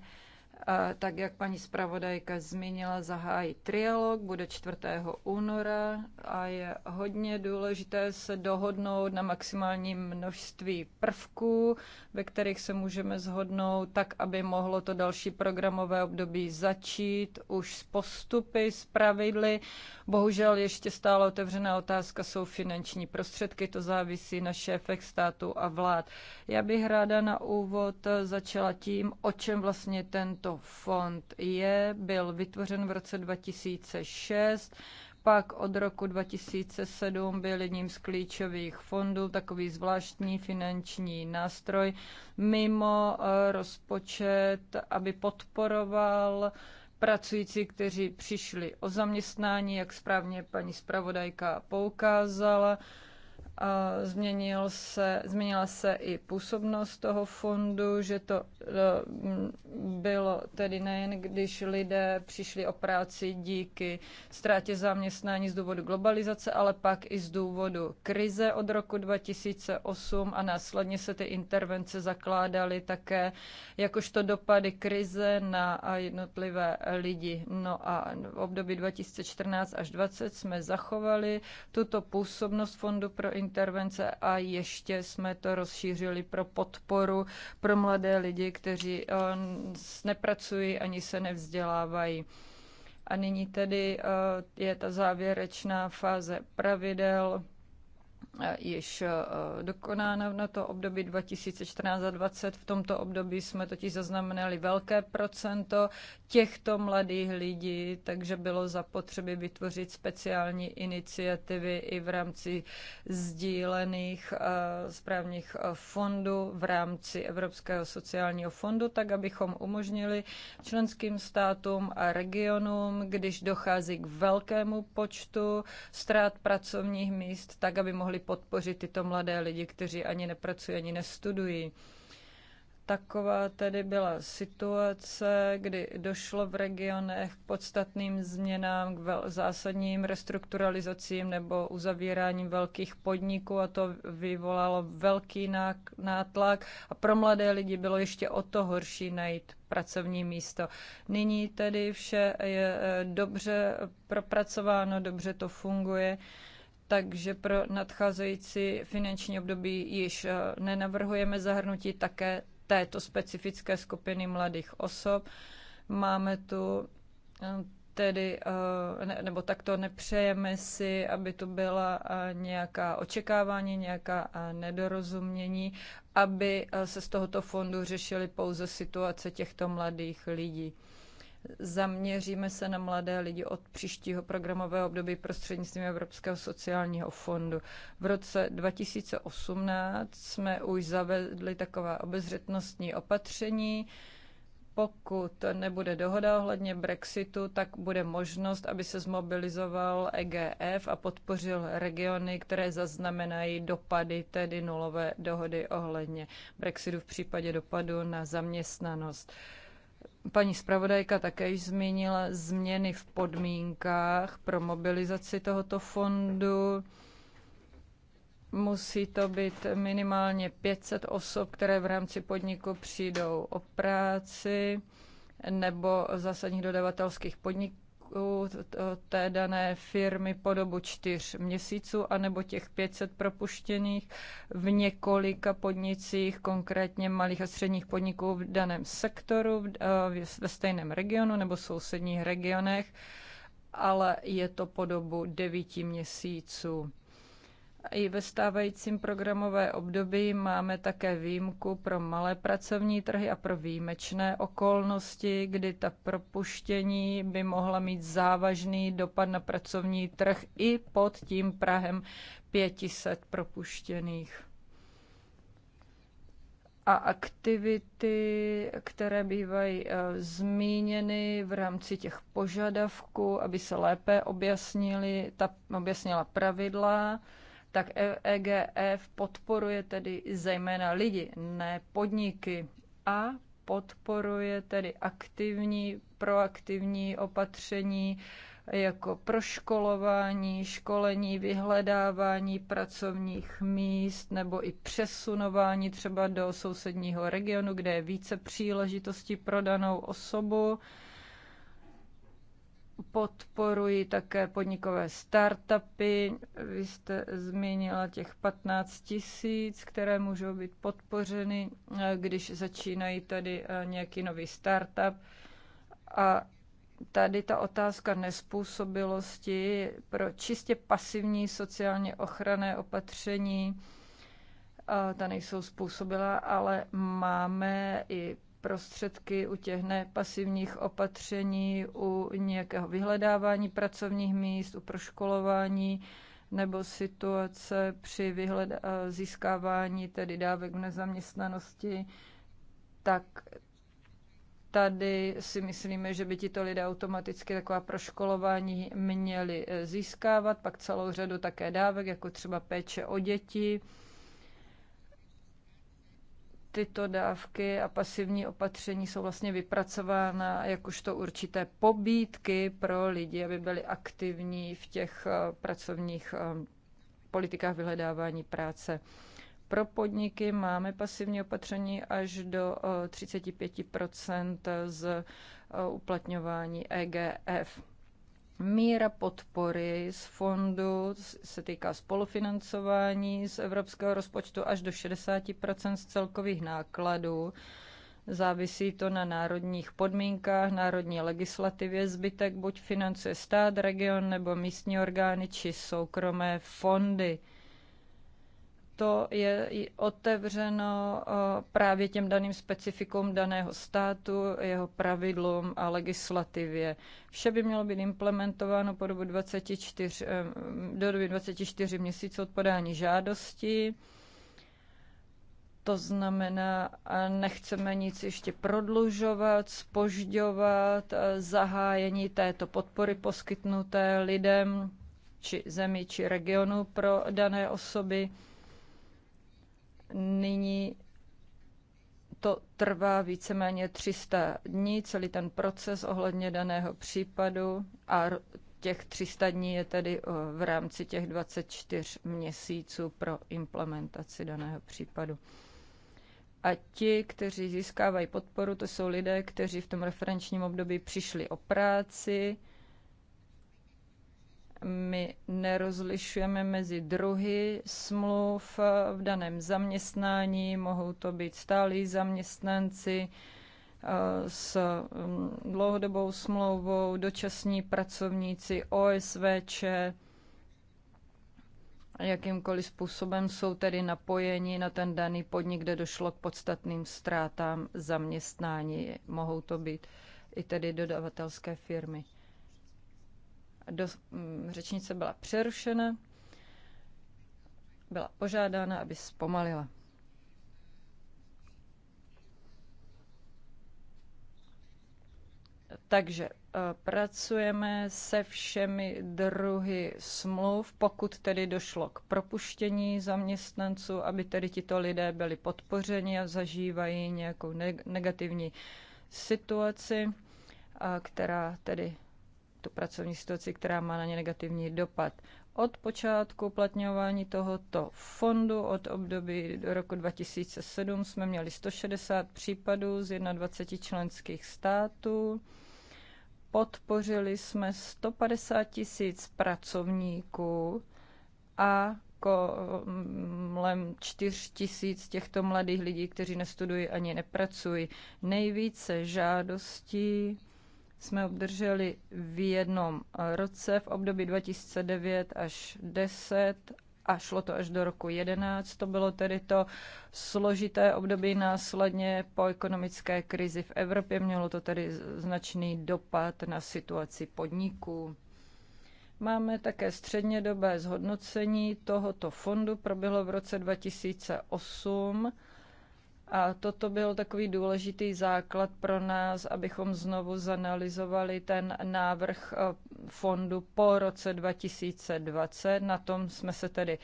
tak jak paní zpravodajka zmínila, zahájí trialog, bude 4. února a je hodně důležité se dohodnout na maximálním množství prvků, ve kterých se můžeme zhodnout, tak aby mohlo to další programové období začít už s postupy, s pravidly. Bohužel ještě stále otevřená otázka jsou finanční prostředky, to závisí na šéfech státu a vlád. Já bych ráda na úvod začala tím, o čem vlastně tento tento fond je, byl vytvořen v roce 2006, pak od roku 2007 byl jedním z klíčových fondů, takový zvláštní finanční nástroj mimo eh, rozpočet, aby podporoval pracující, kteří přišli o zaměstnání, jak správně paní zpravodajka poukázala Změnil se, změnila se i působnost toho fondu, že to e, bylo tedy nejen, když lidé přišli o práci díky ztrátě zaměstnání z důvodu globalizace, ale pak i z důvodu krize od roku 2008 a následně se ty intervence zakládaly také jakožto dopady krize na jednotlivé lidi. No a v období 2014 až 2020 jsme zachovali tuto působnost fondu pro intervence intervence a ještě jsme to rozšířili pro podporu pro mladé lidi, kteří eh, nepracují ani se nevzdělávají. A nyní tedy eh, je ta závěrečná fáze pravidel eh, již dokonána na to období 2014 a 2020. V tomto období jsme totiž zaznamenali velké procento těchto mladých lidí, takže bylo zapotřebí vytvořit speciální iniciativy i v rámci sdílených eh, správních eh, fondů, v rámci Evropského sociálního fondu, tak abychom umožnili členským státům a regionům, když dochází k velkému počtu ztrát pracovních míst, tak aby mohli podpořit tyto mladé lidi, kteří ani nepracují, ani nestudují. Taková tedy byla situace, kdy došlo v regionech k podstatným změnám, k zásadním restrukturalizacím nebo uzavírání velkých podniků a to vyvolalo velký nátlak a pro mladé lidi bylo ještě o to horší najít pracovní místo. Nyní tedy vše je eh, dobře propracováno, dobře to funguje takže pro nadcházející finanční období již eh, nenavrhujeme zahrnutí také této specifické skupiny mladých osob. Máme tu eh, tedy, eh, nebo takto nepřejeme si, aby tu byla eh, nějaká očekávání, nějaká nedorozumění, aby se z tohoto fondu řešily pouze situace těchto mladých lidí. Zaměříme se na mladé lidi od příštího programového období prostřednictvím Evropského sociálního fondu. V roce 2018 jsme už zavedli taková obezřetnostní opatření, pokud nebude dohoda ohledně Brexitu, tak bude možnost, aby se zmobilizoval EGF a podpořil regiony, které zaznamenají dopady, tedy nulové dohody ohledně Brexitu v případě dopadu na zaměstnanost. Paní zpravodajka také již zmínila změny v podmínkách pro mobilizaci tohoto fondu. Musí to být minimálně 500 osob, které v rámci podniku přijdou o práci nebo zásadních dodavatelských podniků té dané firmy po dobu čtyř měsíců, anebo těch 500 propuštěných v několika podnicích, konkrétně malých a středních podniků v daném sektoru, ve stejném regionu nebo sousedních regionech, ale je to po dobu devíti měsíců. I ve stávajícím programové období máme také výjimku pro malé pracovní trhy a pro výjimečné okolnosti, kdy ta propuštění by mohla mít závažný dopad na pracovní trh i pod tím Prahem 500 propuštěných a aktivity, které bývají eh, zmíněny v rámci těch požadavků, aby se lépe objasnili, ta, objasnila pravidla tak EGF podporuje tedy zejména lidi, ne podniky a podporuje tedy aktivní, proaktivní opatření jako proškolování, školení, vyhledávání pracovních míst nebo i přesunování třeba do sousedního regionu, kde je více příležitostí pro danou osobu podporují také podnikové startupy. Vy jste zmínila těch 15 tisíc, které můžou být podpořeny, eh, když začínají tady eh, nějaký nový startup. A tady ta otázka nespůsobilosti pro čistě pasivní sociálně ochranné opatření, eh, ta nejsou způsobila, ale máme i prostředky u těch nepasivních opatření, u nějakého vyhledávání pracovních míst, u proškolování nebo situace při vyhled získávání tedy dávek v nezaměstnanosti, tak tady si myslíme, že by tito lidé automaticky taková proškolování měli eh, získávat, pak celou řadu také dávek, jako třeba péče o děti, tyto dávky a pasivní opatření jsou vlastně vypracována jakožto určité pobídky pro lidi, aby byli aktivní v těch eh, pracovních eh, politikách vyhledávání práce. Pro podniky máme pasivní opatření až do 35 eh, z uplatňování EGF. Míra podpory z fondu se týká spolufinancování z evropského rozpočtu až do 60 z celkových nákladů. Závisí to na národních podmínkách, národní legislativě. Zbytek buď financuje stát, region nebo místní orgány či soukromé fondy to je otevřeno eh, právě těm daným specifikům daného státu, jeho pravidlům a legislativě. Vše by mělo být implementováno po dobu 24, eh, do doby 24 měsíců od podání žádosti. To znamená, nechceme nic ještě prodlužovat, spožďovat eh, zahájení této podpory poskytnuté lidem či zemi či regionu pro dané osoby. Nyní to trvá víceméně 300 dní, celý ten proces ohledně daného případu a těch 300 dní je tedy v rámci těch 24 měsíců pro implementaci daného případu. A ti, kteří získávají podporu, to jsou lidé, kteří v tom referenčním období přišli o práci, my nerozlišujeme mezi druhy smluv v daném zaměstnání, mohou to být stálí zaměstnanci eh, s mm, dlouhodobou smlouvou, dočasní pracovníci, OSVČ, jakýmkoliv způsobem jsou tedy napojeni na ten daný podnik, kde došlo k podstatným ztrátám zaměstnání. Mohou to být i tedy dodavatelské firmy do, mm, řečnice byla přerušena, byla požádána, aby zpomalila. Takže eh, pracujeme se všemi druhy smluv, pokud tedy došlo k propuštění zaměstnanců, aby tedy tito lidé byli podpořeni a zažívají nějakou negativní situaci, která tedy tu pracovní situaci, která má na ně negativní dopad. Od počátku uplatňování tohoto fondu od období do roku 2007 jsme měli 160 případů z 21 členských států. Podpořili jsme 150 tisíc pracovníků a kolem 4 tisíc těchto mladých lidí, kteří nestudují ani nepracují. Nejvíce žádostí jsme obdrželi v jednom roce v období 2009 až 10 a šlo to až do roku 11. To bylo tedy to složité období následně po ekonomické krizi v Evropě. Mělo to tedy značný dopad na situaci podniků. Máme také střednědobé zhodnocení tohoto fondu, proběhlo v roce 2008 a toto byl takový důležitý základ pro nás, abychom znovu zanalizovali ten návrh eh, fondu po roce 2020. Na tom jsme se tedy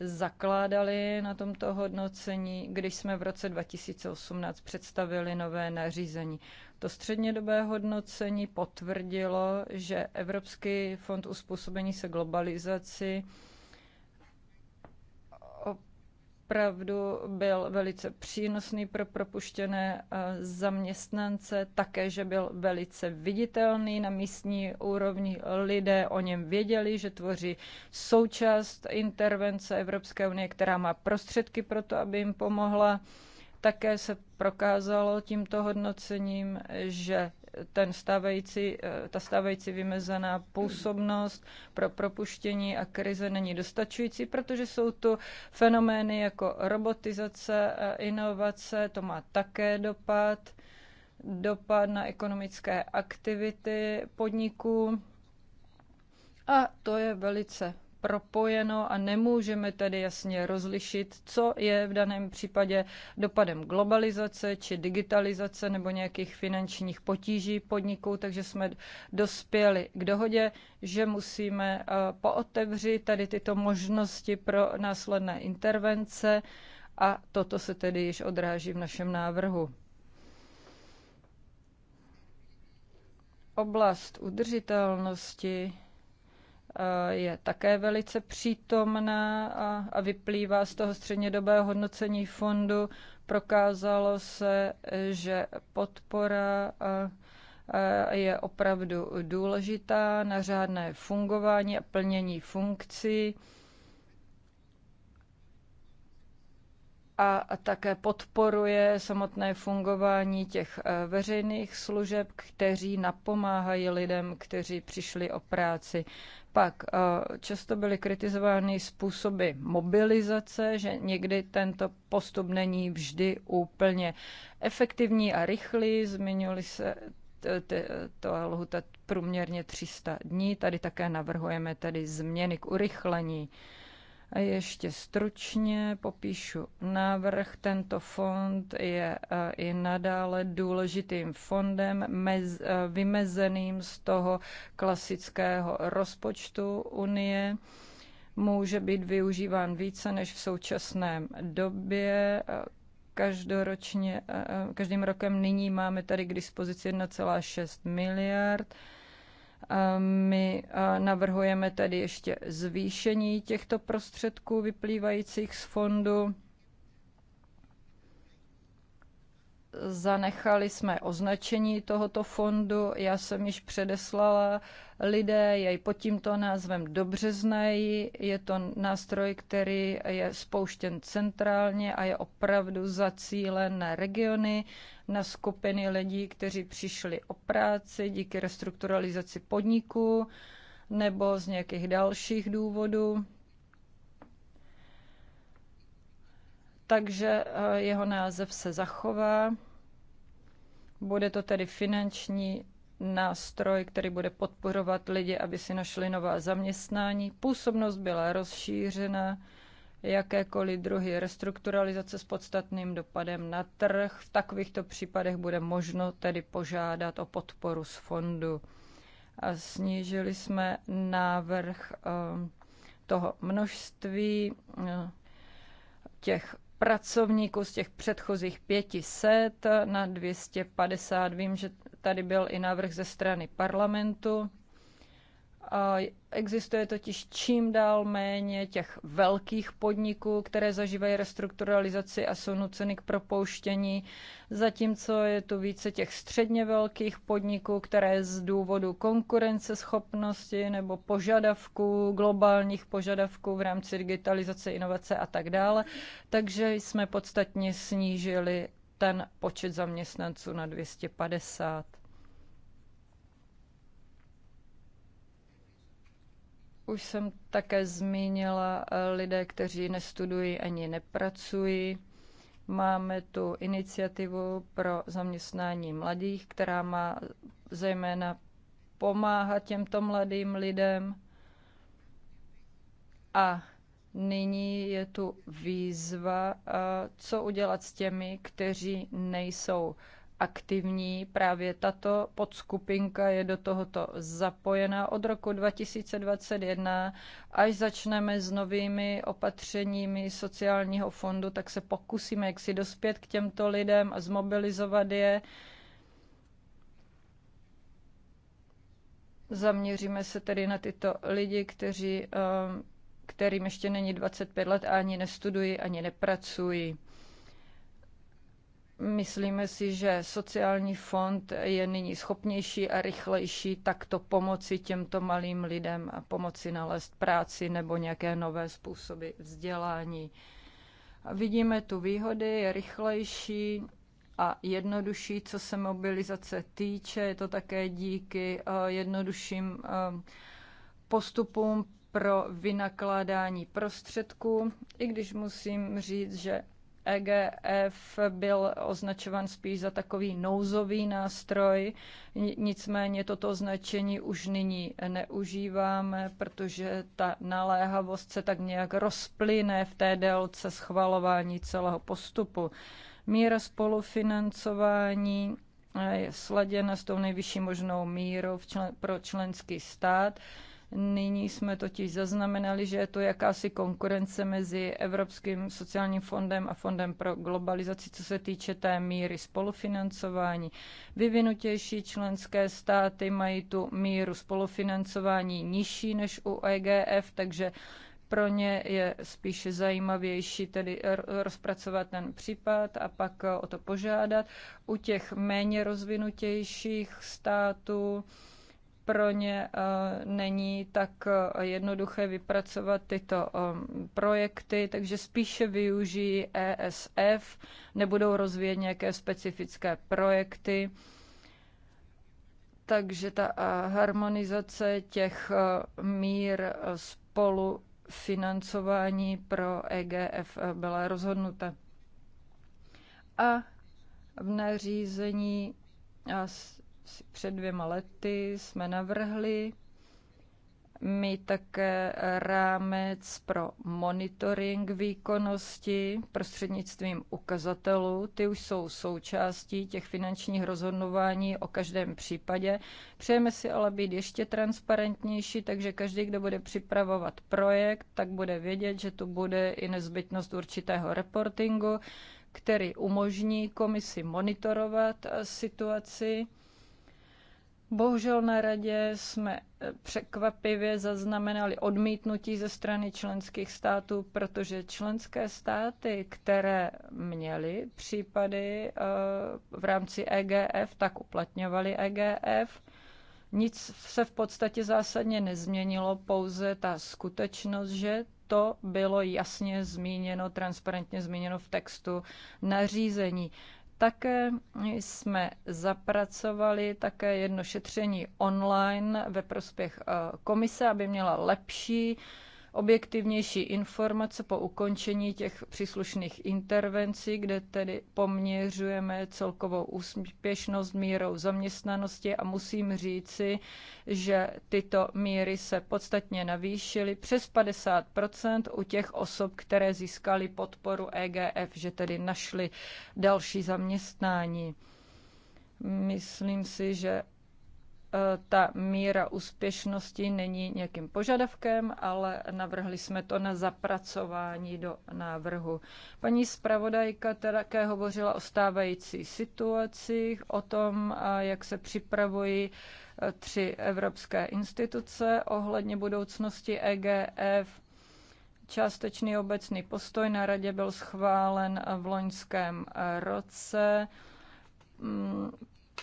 zakládali, na tomto hodnocení, když jsme v roce 2018 představili nové nařízení. To střednědobé hodnocení potvrdilo, že Evropský fond uspůsobení se globalizaci opravdu byl velice přínosný pro propuštěné eh, zaměstnance, také, že byl velice viditelný na místní úrovni. Lidé o něm věděli, že tvoří součást intervence Evropské unie, která má prostředky pro to, aby jim pomohla. Také se prokázalo tímto hodnocením, že ten stávající, eh, ta stávající vymezená působnost pro propuštění a krize není dostačující, protože jsou tu fenomény jako robotizace, inovace, to má také dopad, dopad na ekonomické aktivity podniků a to je velice propojeno a nemůžeme tedy jasně rozlišit, co je v daném případě dopadem globalizace či digitalizace nebo nějakých finančních potíží podniků, takže jsme dospěli k dohodě, že musíme eh, pootevřít tady tyto možnosti pro následné intervence a toto se tedy již odráží v našem návrhu. Oblast udržitelnosti Eh, je také velice přítomná a, vyplývá z toho střednědobého hodnocení fondu. Prokázalo se, že podpora eh, je opravdu důležitá na řádné fungování a plnění funkcí a také podporuje samotné fungování těch eh, veřejných služeb, kteří napomáhají lidem, kteří přišli o práci. Pak eh, často byly kritizovány způsoby mobilizace, že někdy tento postup není vždy úplně efektivní a rychlý. Zmiňuli se to lhuta průměrně 300 dní. Tady také navrhujeme tedy změny k urychlení. Ještě stručně popíšu návrh. Tento fond je e, i nadále důležitým fondem mez, e, vymezeným z toho klasického rozpočtu Unie. Může být využíván více než v současném době e, každoročně, každým rokem nyní máme tady k dispozici 1,6 miliard my navrhujeme tedy ještě zvýšení těchto prostředků vyplývajících z fondu Zanechali jsme označení tohoto fondu, já jsem již předeslala, lidé jej pod tímto názvem dobře znají, je to nástroj, který je spouštěn centrálně a je opravdu zacílen na regiony, na skupiny lidí, kteří přišli o práci díky restrukturalizaci podniků nebo z nějakých dalších důvodů takže eh, jeho název se zachová. Bude to tedy finanční nástroj, který bude podporovat lidi, aby si našli nová zaměstnání. Působnost byla rozšířena, jakékoliv druhy restrukturalizace s podstatným dopadem na trh. V takovýchto případech bude možno tedy požádat o podporu z fondu. A snížili jsme návrh eh, toho množství eh, těch pracovníků z těch předchozích 500 na 250. Vím, že tady byl i návrh ze strany parlamentu. Existuje totiž čím dál méně těch velkých podniků, které zažívají restrukturalizaci a jsou nuceny k propouštění, zatímco je tu více těch středně velkých podniků, které z důvodu konkurenceschopnosti nebo požadavků, globálních požadavků v rámci digitalizace, inovace a tak dále. Takže jsme podstatně snížili ten počet zaměstnanců na 250. Už jsem také zmínila eh, lidé, kteří nestudují ani nepracují. Máme tu iniciativu pro zaměstnání mladých, která má zejména pomáhat těmto mladým lidem. A nyní je tu výzva, eh, co udělat s těmi, kteří nejsou aktivní. Právě tato podskupinka je do tohoto zapojena od roku 2021. Až začneme s novými opatřeními sociálního fondu, tak se pokusíme jak si dospět k těmto lidem a zmobilizovat je. Zaměříme se tedy na tyto lidi, kteří, eh, kterým ještě není 25 let a ani nestudují, ani nepracují. Myslíme si, že sociální fond je nyní schopnější a rychlejší takto pomoci těmto malým lidem a pomoci nalézt práci nebo nějaké nové způsoby vzdělání. Vidíme tu výhody, je rychlejší a jednodušší, co se mobilizace týče. Je to také díky eh, jednodušším eh, postupům pro vynakládání prostředků, i když musím říct, že EGF byl označován spíš za takový nouzový nástroj, nicméně toto označení už nyní neužíváme, protože ta naléhavost se tak nějak rozplyne v té délce schvalování celého postupu. Míra spolufinancování e, je sladěna s tou nejvyšší možnou mírou člen, pro členský stát. Nyní jsme totiž zaznamenali, že je to jakási konkurence mezi Evropským sociálním fondem a Fondem pro globalizaci, co se týče té míry spolufinancování. Vyvinutější členské státy mají tu míru spolufinancování nižší než u EGF, takže pro ně je spíše zajímavější tedy rozpracovat ten případ a pak eh, o to požádat. U těch méně rozvinutějších států pro ně eh, není tak eh, jednoduché vypracovat tyto eh, projekty, takže spíše využijí ESF, nebudou rozvíjet nějaké specifické projekty. Takže ta harmonizace těch mír spolufinancování pro EGF byla rozhodnuta. A v nařízení před dvěma lety jsme navrhli mít také rámec pro monitoring výkonnosti prostřednictvím ukazatelů. Ty už jsou součástí těch finančních rozhodnování o každém případě. Přejeme si ale být ještě transparentnější, takže každý, kdo bude připravovat projekt, tak bude vědět, že tu bude i nezbytnost určitého reportingu, který umožní komisi monitorovat eh, situaci Bohužel na radě jsme eh, překvapivě zaznamenali odmítnutí ze strany členských států, protože členské státy, které měly případy eh, v rámci EGF, tak uplatňovaly EGF. Nic se v podstatě zásadně nezměnilo, pouze ta skutečnost, že to bylo jasně zmíněno, transparentně zmíněno v textu nařízení. Také jsme zapracovali také jedno šetření online ve prospěch eh, komise, aby měla lepší objektivnější informace po ukončení těch příslušných intervencí, kde tedy poměřujeme celkovou úspěšnost mírou zaměstnanosti a musím říci, že tyto míry se podstatně navýšily přes 50 u těch osob, které získaly podporu EGF, že tedy našly další zaměstnání. Myslím si, že ta míra úspěšnosti není nějakým požadavkem, ale navrhli jsme to na zapracování do návrhu. Paní zpravodajka také hovořila o stávající situacích, o tom, jak se připravují e, tři evropské instituce ohledně budoucnosti EGF, Částečný obecný postoj na radě byl schválen v loňském roce. Mm,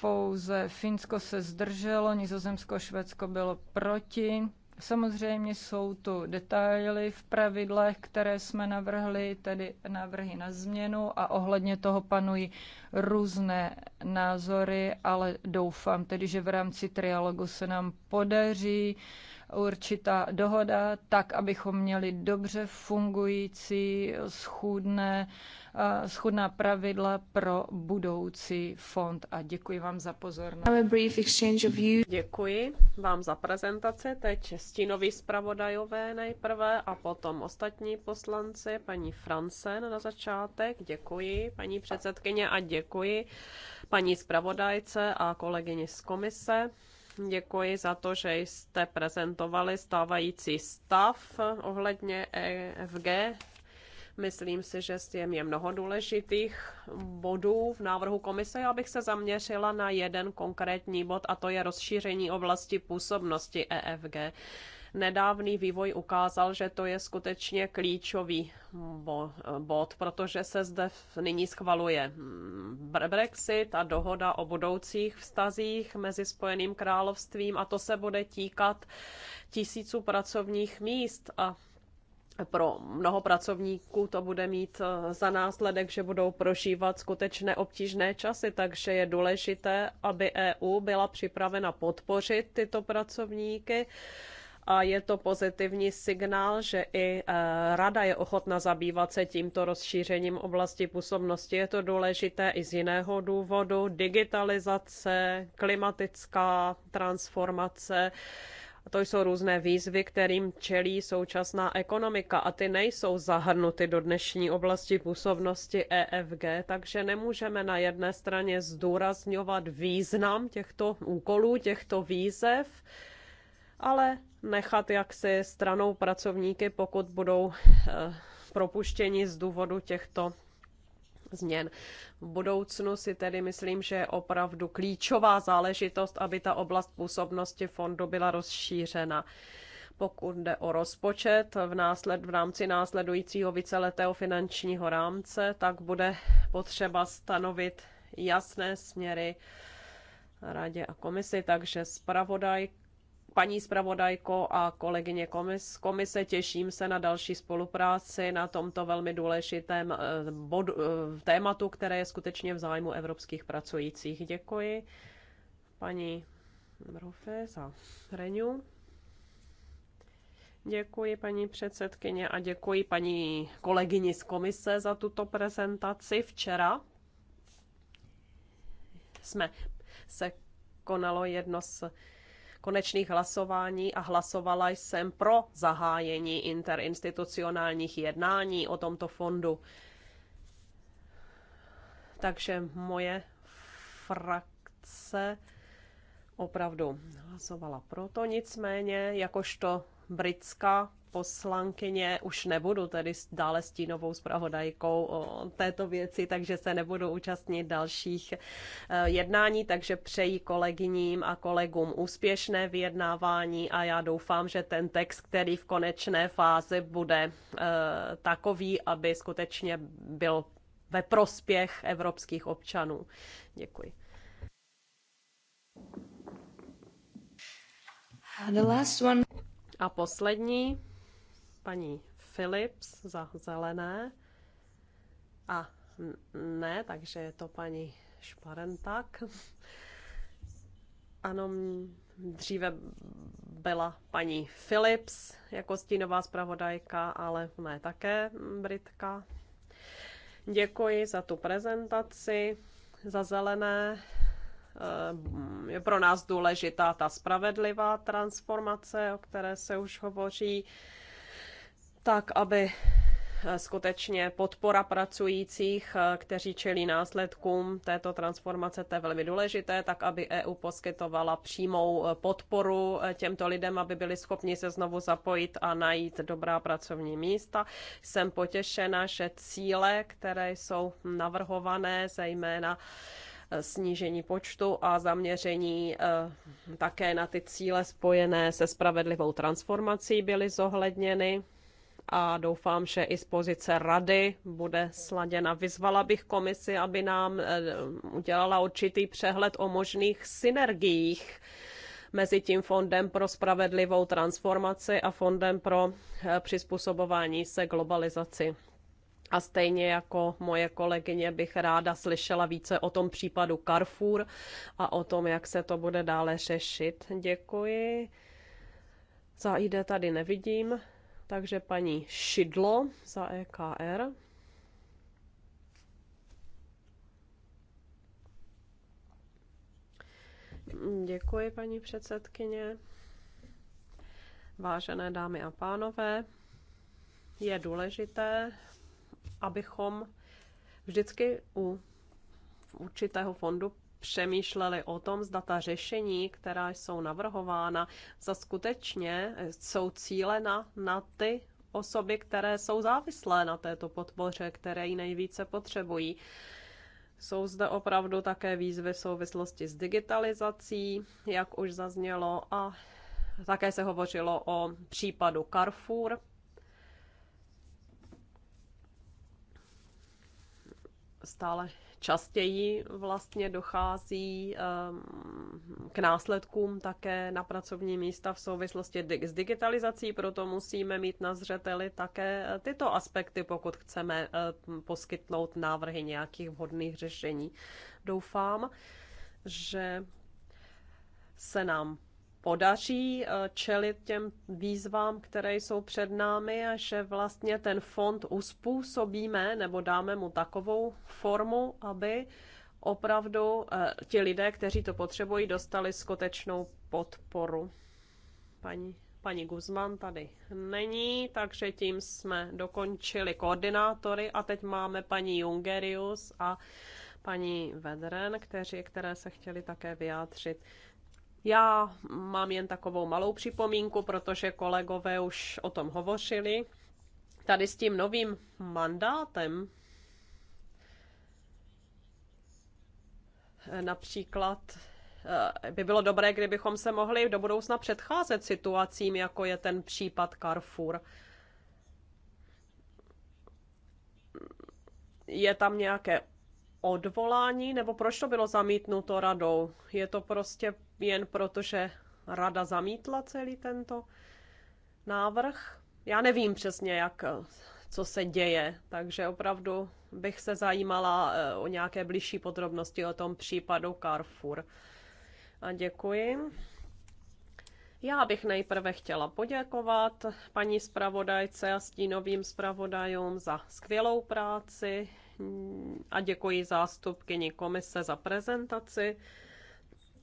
pouze Finsko se zdrželo, Nizozemsko, Švédsko bylo proti. Samozřejmě jsou tu detaily v pravidlech, které jsme navrhli, tedy návrhy na změnu a ohledně toho panují různé názory, ale doufám tedy, že v rámci trialogu se nám podaří uh, určitá dohoda, tak abychom měli dobře fungující, schůdné, eh, schůdná pravidla pro budoucí fond. A děkuji vám za pozornost. Děkuji vám za prezentaci. Teď stínoví zpravodajové nejprve a potom ostatní poslanci, paní Fransen na začátek. Děkuji, paní předsedkyně, a děkuji paní zpravodajce a kolegyni z komise. Děkuji za to, že jste prezentovali stávající stav ohledně EFG. Myslím si, že s tím je mnoho důležitých bodů v návrhu komise. Já bych se zaměřila na jeden konkrétní bod, a to je rozšíření oblasti působnosti EFG. Nedávný vývoj ukázal, že to je skutečně klíčový bod, protože se zde nyní schvaluje mm, Brexit a dohoda o budoucích vztazích mezi Spojeným královstvím a to se bude týkat tisíců pracovních míst a pro mnoho pracovníků to bude mít e, za následek, že budou prožívat skutečné obtížné časy, takže je důležité, aby EU byla připravena podpořit tyto pracovníky a je to pozitivní signál, že i eh, Rada je ochotna zabývat se tímto rozšířením oblasti působnosti. Je to důležité i z jiného důvodu. Digitalizace, klimatická transformace, to jsou různé výzvy, kterým čelí současná ekonomika a ty nejsou zahrnuty do dnešní oblasti působnosti EFG, takže nemůžeme na jedné straně zdůrazňovat význam těchto úkolů, těchto výzev, ale nechat jaksi stranou pracovníky, pokud budou eh, propuštěni z důvodu těchto změn. V budoucnu si tedy myslím, že je opravdu klíčová záležitost, aby ta oblast působnosti fondu byla rozšířena. Pokud jde o rozpočet v, násled, v rámci následujícího víceletého finančního rámce, tak bude potřeba stanovit jasné směry radě a komisi, takže zpravodaj Paní zpravodajko a kolegyně komis, komise, těším se na další spolupráci na tomto velmi důležitém eh, bodu, eh, tématu, které je skutečně v zájmu evropských pracujících. Děkuji paní Mrofe za Renu. Děkuji paní předsedkyně a děkuji paní kolegyni z komise za tuto prezentaci včera. Jsme se konalo jedno z konečných hlasování a hlasovala jsem pro zahájení interinstitucionálních jednání o tomto fondu. Takže moje frakce opravdu hlasovala proto, nicméně jakožto britská poslankyně, už nebudu tedy dále stínovou zpravodajkou o této věci, takže se nebudu účastnit dalších e, jednání, takže přeji kolegyním a kolegům úspěšné vyjednávání a já doufám, že ten text, který v konečné fázi bude e, takový, aby skutečně byl ve prospěch evropských občanů. Děkuji. The last one. A poslední paní Philips za zelené. A ne, takže je to paní Šparentak. Ano, dříve byla paní Philips jako stínová zpravodajka, ale je také Britka. Děkuji za tu prezentaci, za zelené. Eh, je pro nás důležitá ta spravedlivá transformace, o které se už hovoří tak aby eh, skutečně podpora pracujících, eh, kteří čelí následkům této transformace, to je velmi důležité, tak aby EU poskytovala přímou eh, podporu těmto lidem, aby byli schopni se znovu zapojit a najít dobrá pracovní místa. Jsem potěšena, že cíle, které jsou navrhované, zejména snížení počtu a zaměření také na ty cíle spojené se spravedlivou transformací byly zohledněny a doufám, že i z pozice rady bude sladěna. Vyzvala bych komisi, aby nám eh, udělala určitý přehled o možných synergiích mezi tím Fondem pro spravedlivou transformaci a Fondem pro eh, přizpůsobování se globalizaci. A stejně jako moje kolegyně bych ráda slyšela více o tom případu Carrefour a o tom, jak se to bude dále řešit. Děkuji. Za ID tady nevidím. Takže paní Šidlo za EKR. Děkuji, paní předsedkyně. Vážené dámy a pánové, je důležité, abychom vždycky u určitého fondu přemýšleli o tom, zda ta řešení, která jsou navrhována, za skutečně jsou cílena na ty osoby, které jsou závislé na této podpoře, které ji nejvíce potřebují. Jsou zde opravdu také výzvy v souvislosti s digitalizací, jak už zaznělo, a také se hovořilo o případu Carrefour. Stále častěji vlastně dochází ehm, k následkům také na pracovní místa v souvislosti s digitalizací, proto musíme mít na zřeteli také eh, tyto aspekty, pokud chceme eh, poskytnout návrhy nějakých vhodných řešení. Doufám, že se nám podaří eh, čelit těm výzvám, které jsou před námi a že vlastně ten fond uspůsobíme nebo dáme mu takovou formu, aby opravdu eh, ti lidé, kteří to potřebují, dostali skutečnou podporu. Paní, paní Guzman tady není, takže tím jsme dokončili koordinátory a teď máme paní Jungerius a paní Vedren, kteří, které se chtěli také vyjádřit. Já mám jen takovou malou připomínku, protože kolegové už o tom hovořili. Tady s tím novým mandátem eh, například eh, by bylo dobré, kdybychom se mohli do budoucna předcházet situacím, jako je ten případ Carrefour. Je tam nějaké odvolání, nebo proč to bylo zamítnuto radou? Je to prostě jen proto, že rada zamítla celý tento návrh? Já nevím přesně, jak, co se děje, takže opravdu bych se zajímala eh, o nějaké blížší podrobnosti o tom případu Carrefour. A děkuji. Já bych nejprve chtěla poděkovat paní zpravodajce a stínovým zpravodajům za skvělou práci, a děkuji zástupkyni komise za prezentaci.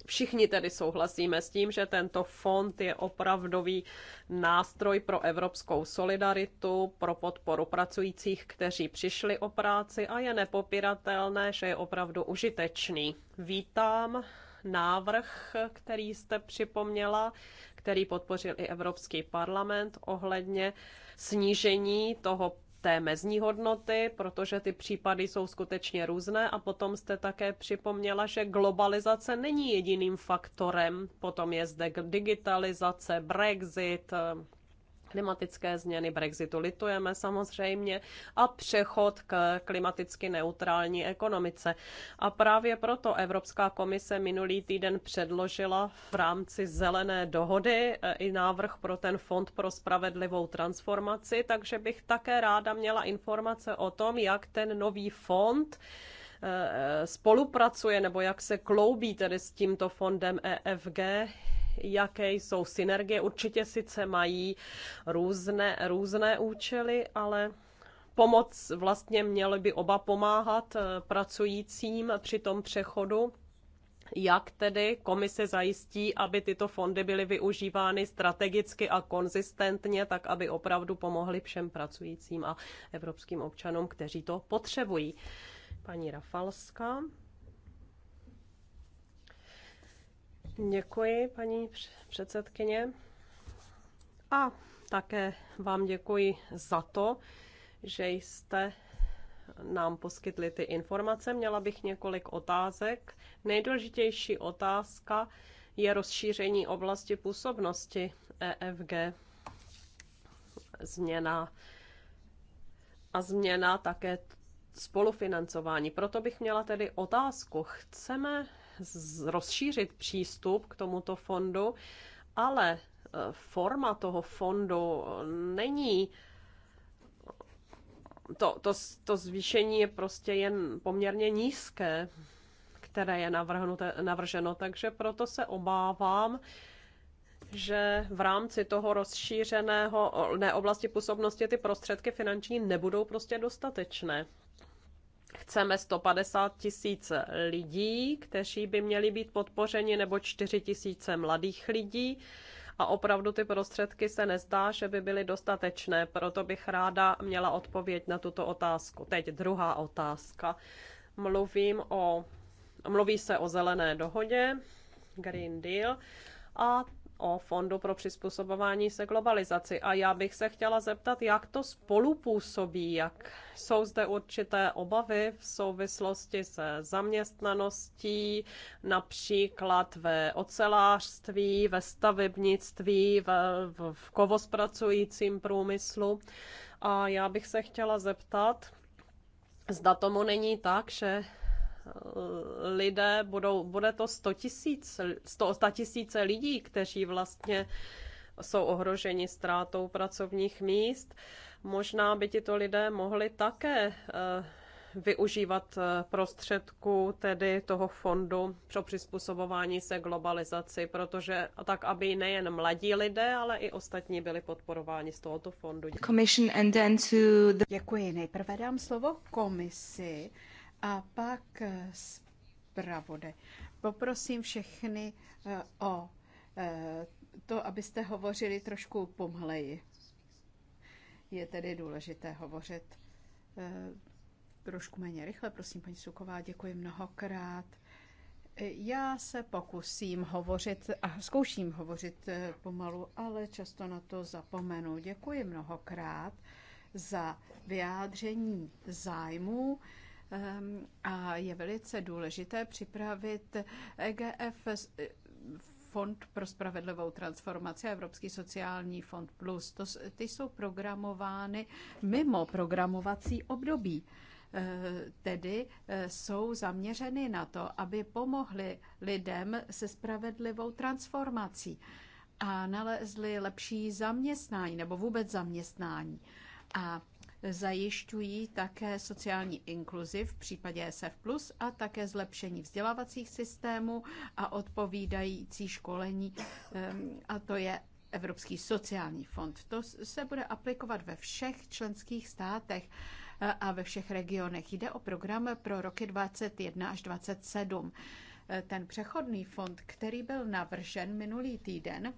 Všichni tedy souhlasíme s tím, že tento fond je opravdový nástroj pro evropskou solidaritu, pro podporu pracujících, kteří přišli o práci a je nepopiratelné, že je opravdu užitečný. Vítám návrh, který jste připomněla, který podpořil i Evropský parlament ohledně snížení toho té mezní hodnoty, protože ty případy jsou skutečně různé a potom jste také připomněla, že globalizace není jediným faktorem, potom je zde digitalizace, Brexit, klimatické změny, Brexitu litujeme samozřejmě a přechod k klimaticky neutrální ekonomice. A právě proto Evropská komise minulý týden předložila v rámci zelené dohody eh, i návrh pro ten fond pro spravedlivou transformaci, takže bych také ráda měla informace o tom, jak ten nový fond eh, eh, spolupracuje nebo jak se kloubí tedy s tímto fondem EFG, jaké jsou synergie. Určitě sice mají různé, různé účely, ale pomoc vlastně měly by oba pomáhat eh, pracujícím při tom přechodu jak tedy komise zajistí, aby tyto fondy byly využívány strategicky a konzistentně, tak aby opravdu pomohly všem pracujícím a evropským občanům, kteří to potřebují. Paní Rafalská. Děkuji, paní předsedkyně. A také vám děkuji za to, že jste nám poskytli ty informace. Měla bych několik otázek. Nejdůležitější otázka je rozšíření oblasti působnosti EFG. Změna a změna také spolufinancování. Proto bych měla tedy otázku. Chceme rozšířit přístup k tomuto fondu, ale eh, forma toho fondu eh, není to, to, to zvýšení je prostě jen poměrně nízké, které je navrženo, takže proto se obávám, že v rámci toho rozšířeného ne oblasti působnosti ty prostředky finanční nebudou prostě dostatečné chceme 150 tisíc lidí, kteří by měli být podpořeni, nebo 4 tisíce mladých lidí. A opravdu ty prostředky se nezdá, že by byly dostatečné, proto bych ráda měla odpověď na tuto otázku. Teď druhá otázka. Mluvím o, mluví se o zelené dohodě, Green Deal, a o Fondu pro přizpůsobování se globalizaci. A já bych se chtěla zeptat, jak to spolupůsobí, jak jsou zde určité obavy v souvislosti se zaměstnaností, například ve ocelářství, ve stavebnictví, v, v, v kovospracujícím průmyslu. A já bych se chtěla zeptat, zda tomu není tak, že lidé, budou, bude to 100 000, 100 tisíce lidí, kteří vlastně jsou ohroženi ztrátou pracovních míst. Možná by tito lidé mohli také eh, využívat eh, prostředku tedy toho fondu pro přizpůsobování se globalizaci, protože tak, aby nejen mladí lidé, ale i ostatní byli podporováni z tohoto fondu. Commission Děkuji. Nejprve dám slovo komisi a pak eh, zpravode. Poprosím všechny eh, o eh, to, abyste hovořili trošku pomaleji. Je tedy důležité hovořit trošku méně rychle. Prosím, paní Suková, děkuji mnohokrát. Já se pokusím hovořit a zkouším hovořit pomalu, ale často na to zapomenu. Děkuji mnohokrát za vyjádření zájmu Ehm, a je velice důležité připravit EGF e, Fond pro spravedlivou transformaci a Evropský sociální fond plus. To, ty jsou programovány mimo programovací období. Ehm, tedy e, jsou zaměřeny na to, aby pomohly lidem se spravedlivou transformací a nalezli lepší zaměstnání nebo vůbec zaměstnání. A zajišťují také sociální inkluzi v případě SF+, a také zlepšení vzdělávacích systémů a odpovídající školení, ehm, a to je Evropský sociální fond. To se bude aplikovat ve všech členských státech e, a ve všech regionech. Jde o program pro roky 2021 až 2027. E, ten přechodný fond, který byl navržen minulý týden,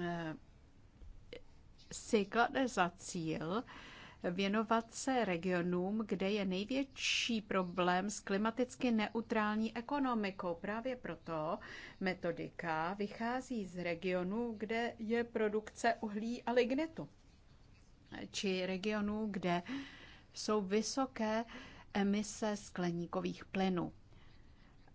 e, si klade za cíl věnovat se regionům, kde je největší problém s klimaticky neutrální ekonomikou. Právě proto metodika vychází z regionů, kde je produkce uhlí a lignitu, či regionů, kde jsou vysoké emise skleníkových plynů.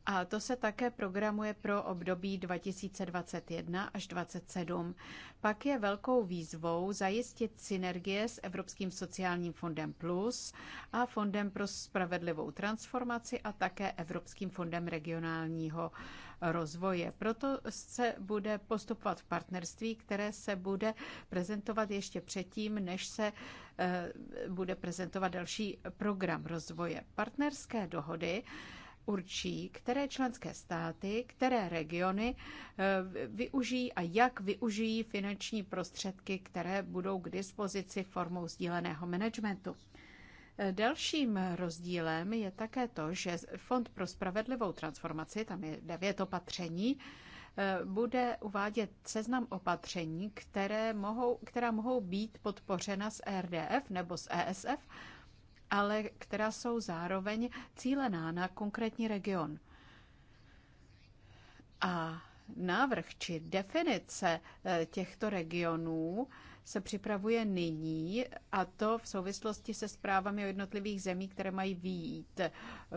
A to se také programuje pro období 2021 až 2027. Pak je velkou výzvou zajistit synergie s Evropským sociálním fondem Plus a Fondem pro spravedlivou transformaci a také Evropským fondem regionálního rozvoje. Proto se bude postupovat v partnerství, které se bude prezentovat ještě předtím, než se eh, bude prezentovat další program rozvoje. Partnerské dohody určí, které členské státy, které regiony eh, využijí a jak využijí finanční prostředky, které budou k dispozici formou sdíleného managementu. Eh, dalším rozdílem je také to, že Fond pro spravedlivou transformaci, tam je devět opatření, eh, bude uvádět seznam opatření, které mohou, která mohou být podpořena z RDF nebo z ESF ale která jsou zároveň cílená na konkrétní region. A návrh či definice e, těchto regionů se připravuje nyní, a to v souvislosti se zprávami o jednotlivých zemí, které mají výjít e,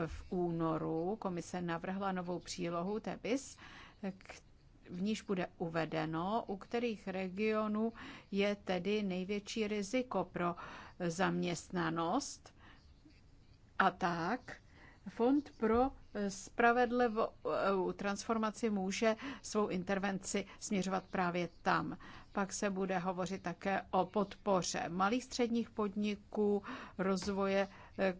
v únoru. Komise navrhla novou přílohu TEBIS, e, v níž bude uvedeno, u kterých regionů je tedy největší riziko pro zaměstnanost a tak Fond pro spravedlivou eh, transformaci může svou intervenci směřovat právě tam. Pak se bude hovořit také o podpoře malých středních podniků, rozvoje eh,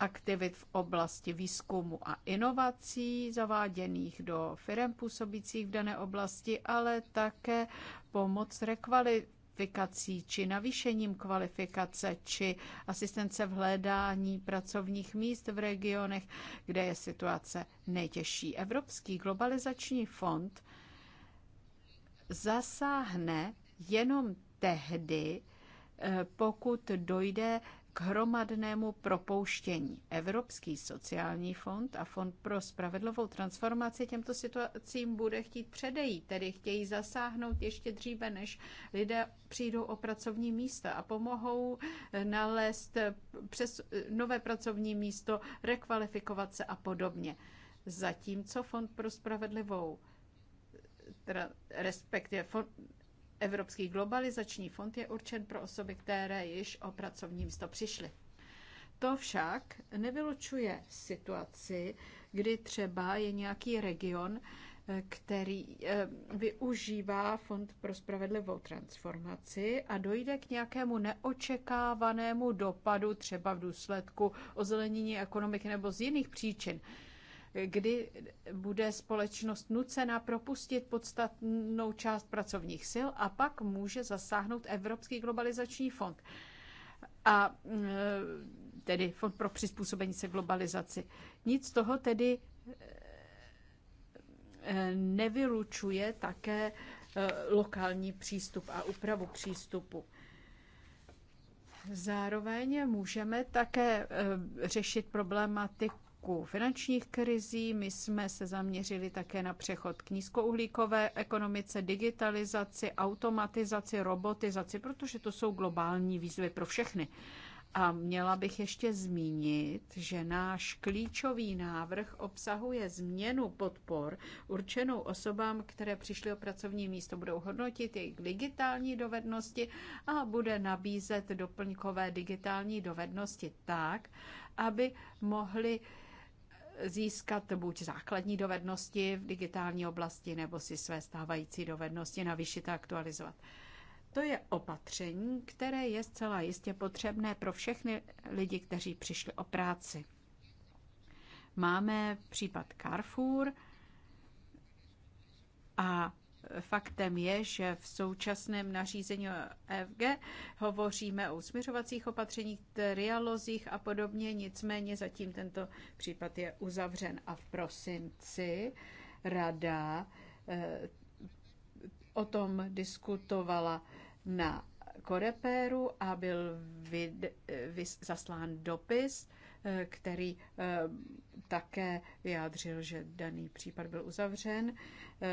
aktivit v oblasti výzkumu a inovací zaváděných do firm působících v dané oblasti, ale také pomoc rekvalifikovat kvalifikací či navýšením kvalifikace či asistence v hledání pracovních míst v regionech, kde je situace nejtěžší. Evropský globalizační fond zasáhne jenom tehdy, eh, pokud dojde k hromadnému propouštění. Evropský sociální fond a Fond pro spravedlivou transformaci těmto situacím bude chtít předejít, tedy chtějí zasáhnout ještě dříve, než lidé přijdou o pracovní místa a pomohou nalézt přes nové pracovní místo, rekvalifikovat se a podobně. Zatímco Fond pro spravedlivou respektive fond, Evropský globalizační fond je určen pro osoby, které již o pracovní místo přišly. To však nevylučuje situaci, kdy třeba je nějaký region, eh, který eh, využívá Fond pro spravedlivou transformaci a dojde k nějakému neočekávanému dopadu, třeba v důsledku ozelenění ekonomiky nebo z jiných příčin kdy bude společnost nucena propustit podstatnou část pracovních sil a pak může zasáhnout Evropský globalizační fond. A e, tedy fond pro přizpůsobení se globalizaci. Nic z toho tedy e, e, nevylučuje také lokální přístup a úpravu přístupu. Zároveň můžeme také řešit problematiku důsledků finančních krizí. My jsme se zaměřili také na přechod k nízkouhlíkové ekonomice, digitalizaci, automatizaci, robotizaci, protože to jsou globální výzvy pro všechny. A měla bych ještě zmínit, že náš klíčový návrh obsahuje změnu podpor určenou osobám, které přišly o pracovní místo, budou hodnotit jejich digitální dovednosti a bude nabízet doplňkové digitální dovednosti tak, aby mohli získat buď základní dovednosti v digitální oblasti, nebo si své stávající dovednosti navýšit a aktualizovat. To je opatření, které je zcela jistě potřebné pro všechny lidi, kteří přišli o práci. Máme případ Carrefour a Faktem je, že v současném nařízení e FG hovoříme o usměřovacích opatřeních, trialozích a podobně, nicméně zatím tento případ je uzavřen a v prosinci rada eh, o tom diskutovala na korepéru a byl vid, vys, zaslán dopis, eh, který eh, také vyjádřil, že daný případ byl uzavřen.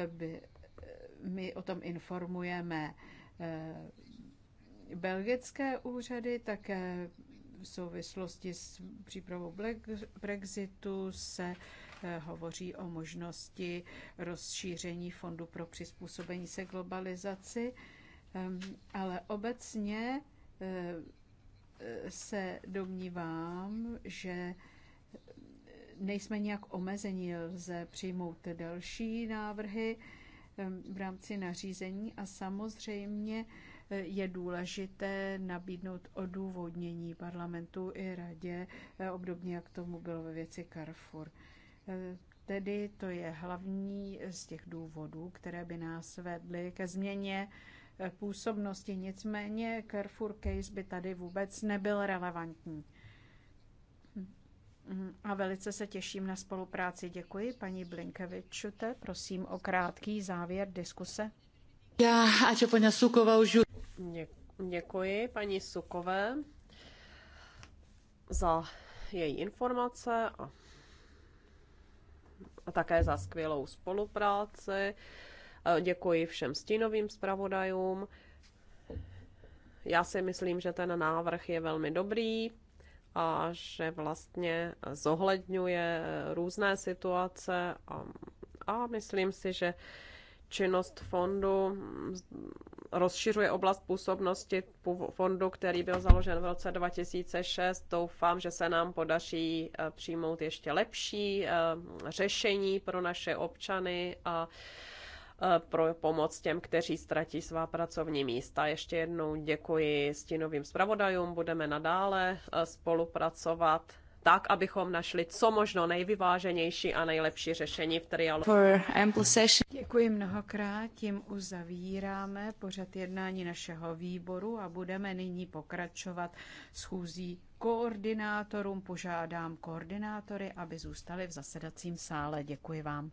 By, my o tom informujeme eh, belgické úřady, také v souvislosti s přípravou Brexitu se eh, hovoří o možnosti rozšíření fondu pro přizpůsobení se globalizaci, eh, ale obecně se domnívám, že nejsme nějak omezení, lze přijmout další návrhy, v rámci nařízení a samozřejmě eh, je důležité nabídnout odůvodnění parlamentu i radě, eh, obdobně jak tomu bylo ve věci Carrefour. Eh, tedy to je hlavní z těch důvodů, které by nás vedly ke změně působnosti. Nicméně Carrefour case by tady vůbec nebyl relevantní. Mhm. A velice se těším na spolupráci. Děkuji paní Blinkevičute. Prosím o krátký závěr diskuse. Já, ať paní Suková už... Děkuji paní Sukové za její informace a, a také za skvělou spolupráci. Děkuji všem stínovým zpravodajům. Já si myslím, že ten návrh je velmi dobrý a že vlastně zohledňuje různé situace a, a myslím si, že činnost fondu rozšiřuje oblast působnosti fondu, který byl založen v roce 2006. Doufám, že se nám podaří eh, přijmout ještě lepší eh, řešení pro naše občany a Eh, pro pomoc těm, kteří ztratí svá pracovní místa. Ještě jednou děkuji stínovým zpravodajům, budeme nadále eh, spolupracovat tak, abychom našli co možno nejvyváženější a nejlepší řešení v triálu. Děkuji mnohokrát, tím uzavíráme pořad jednání našeho výboru a budeme nyní pokračovat schůzí koordinátorům. Požádám koordinátory, aby zůstali v zasedacím sále. Děkuji vám.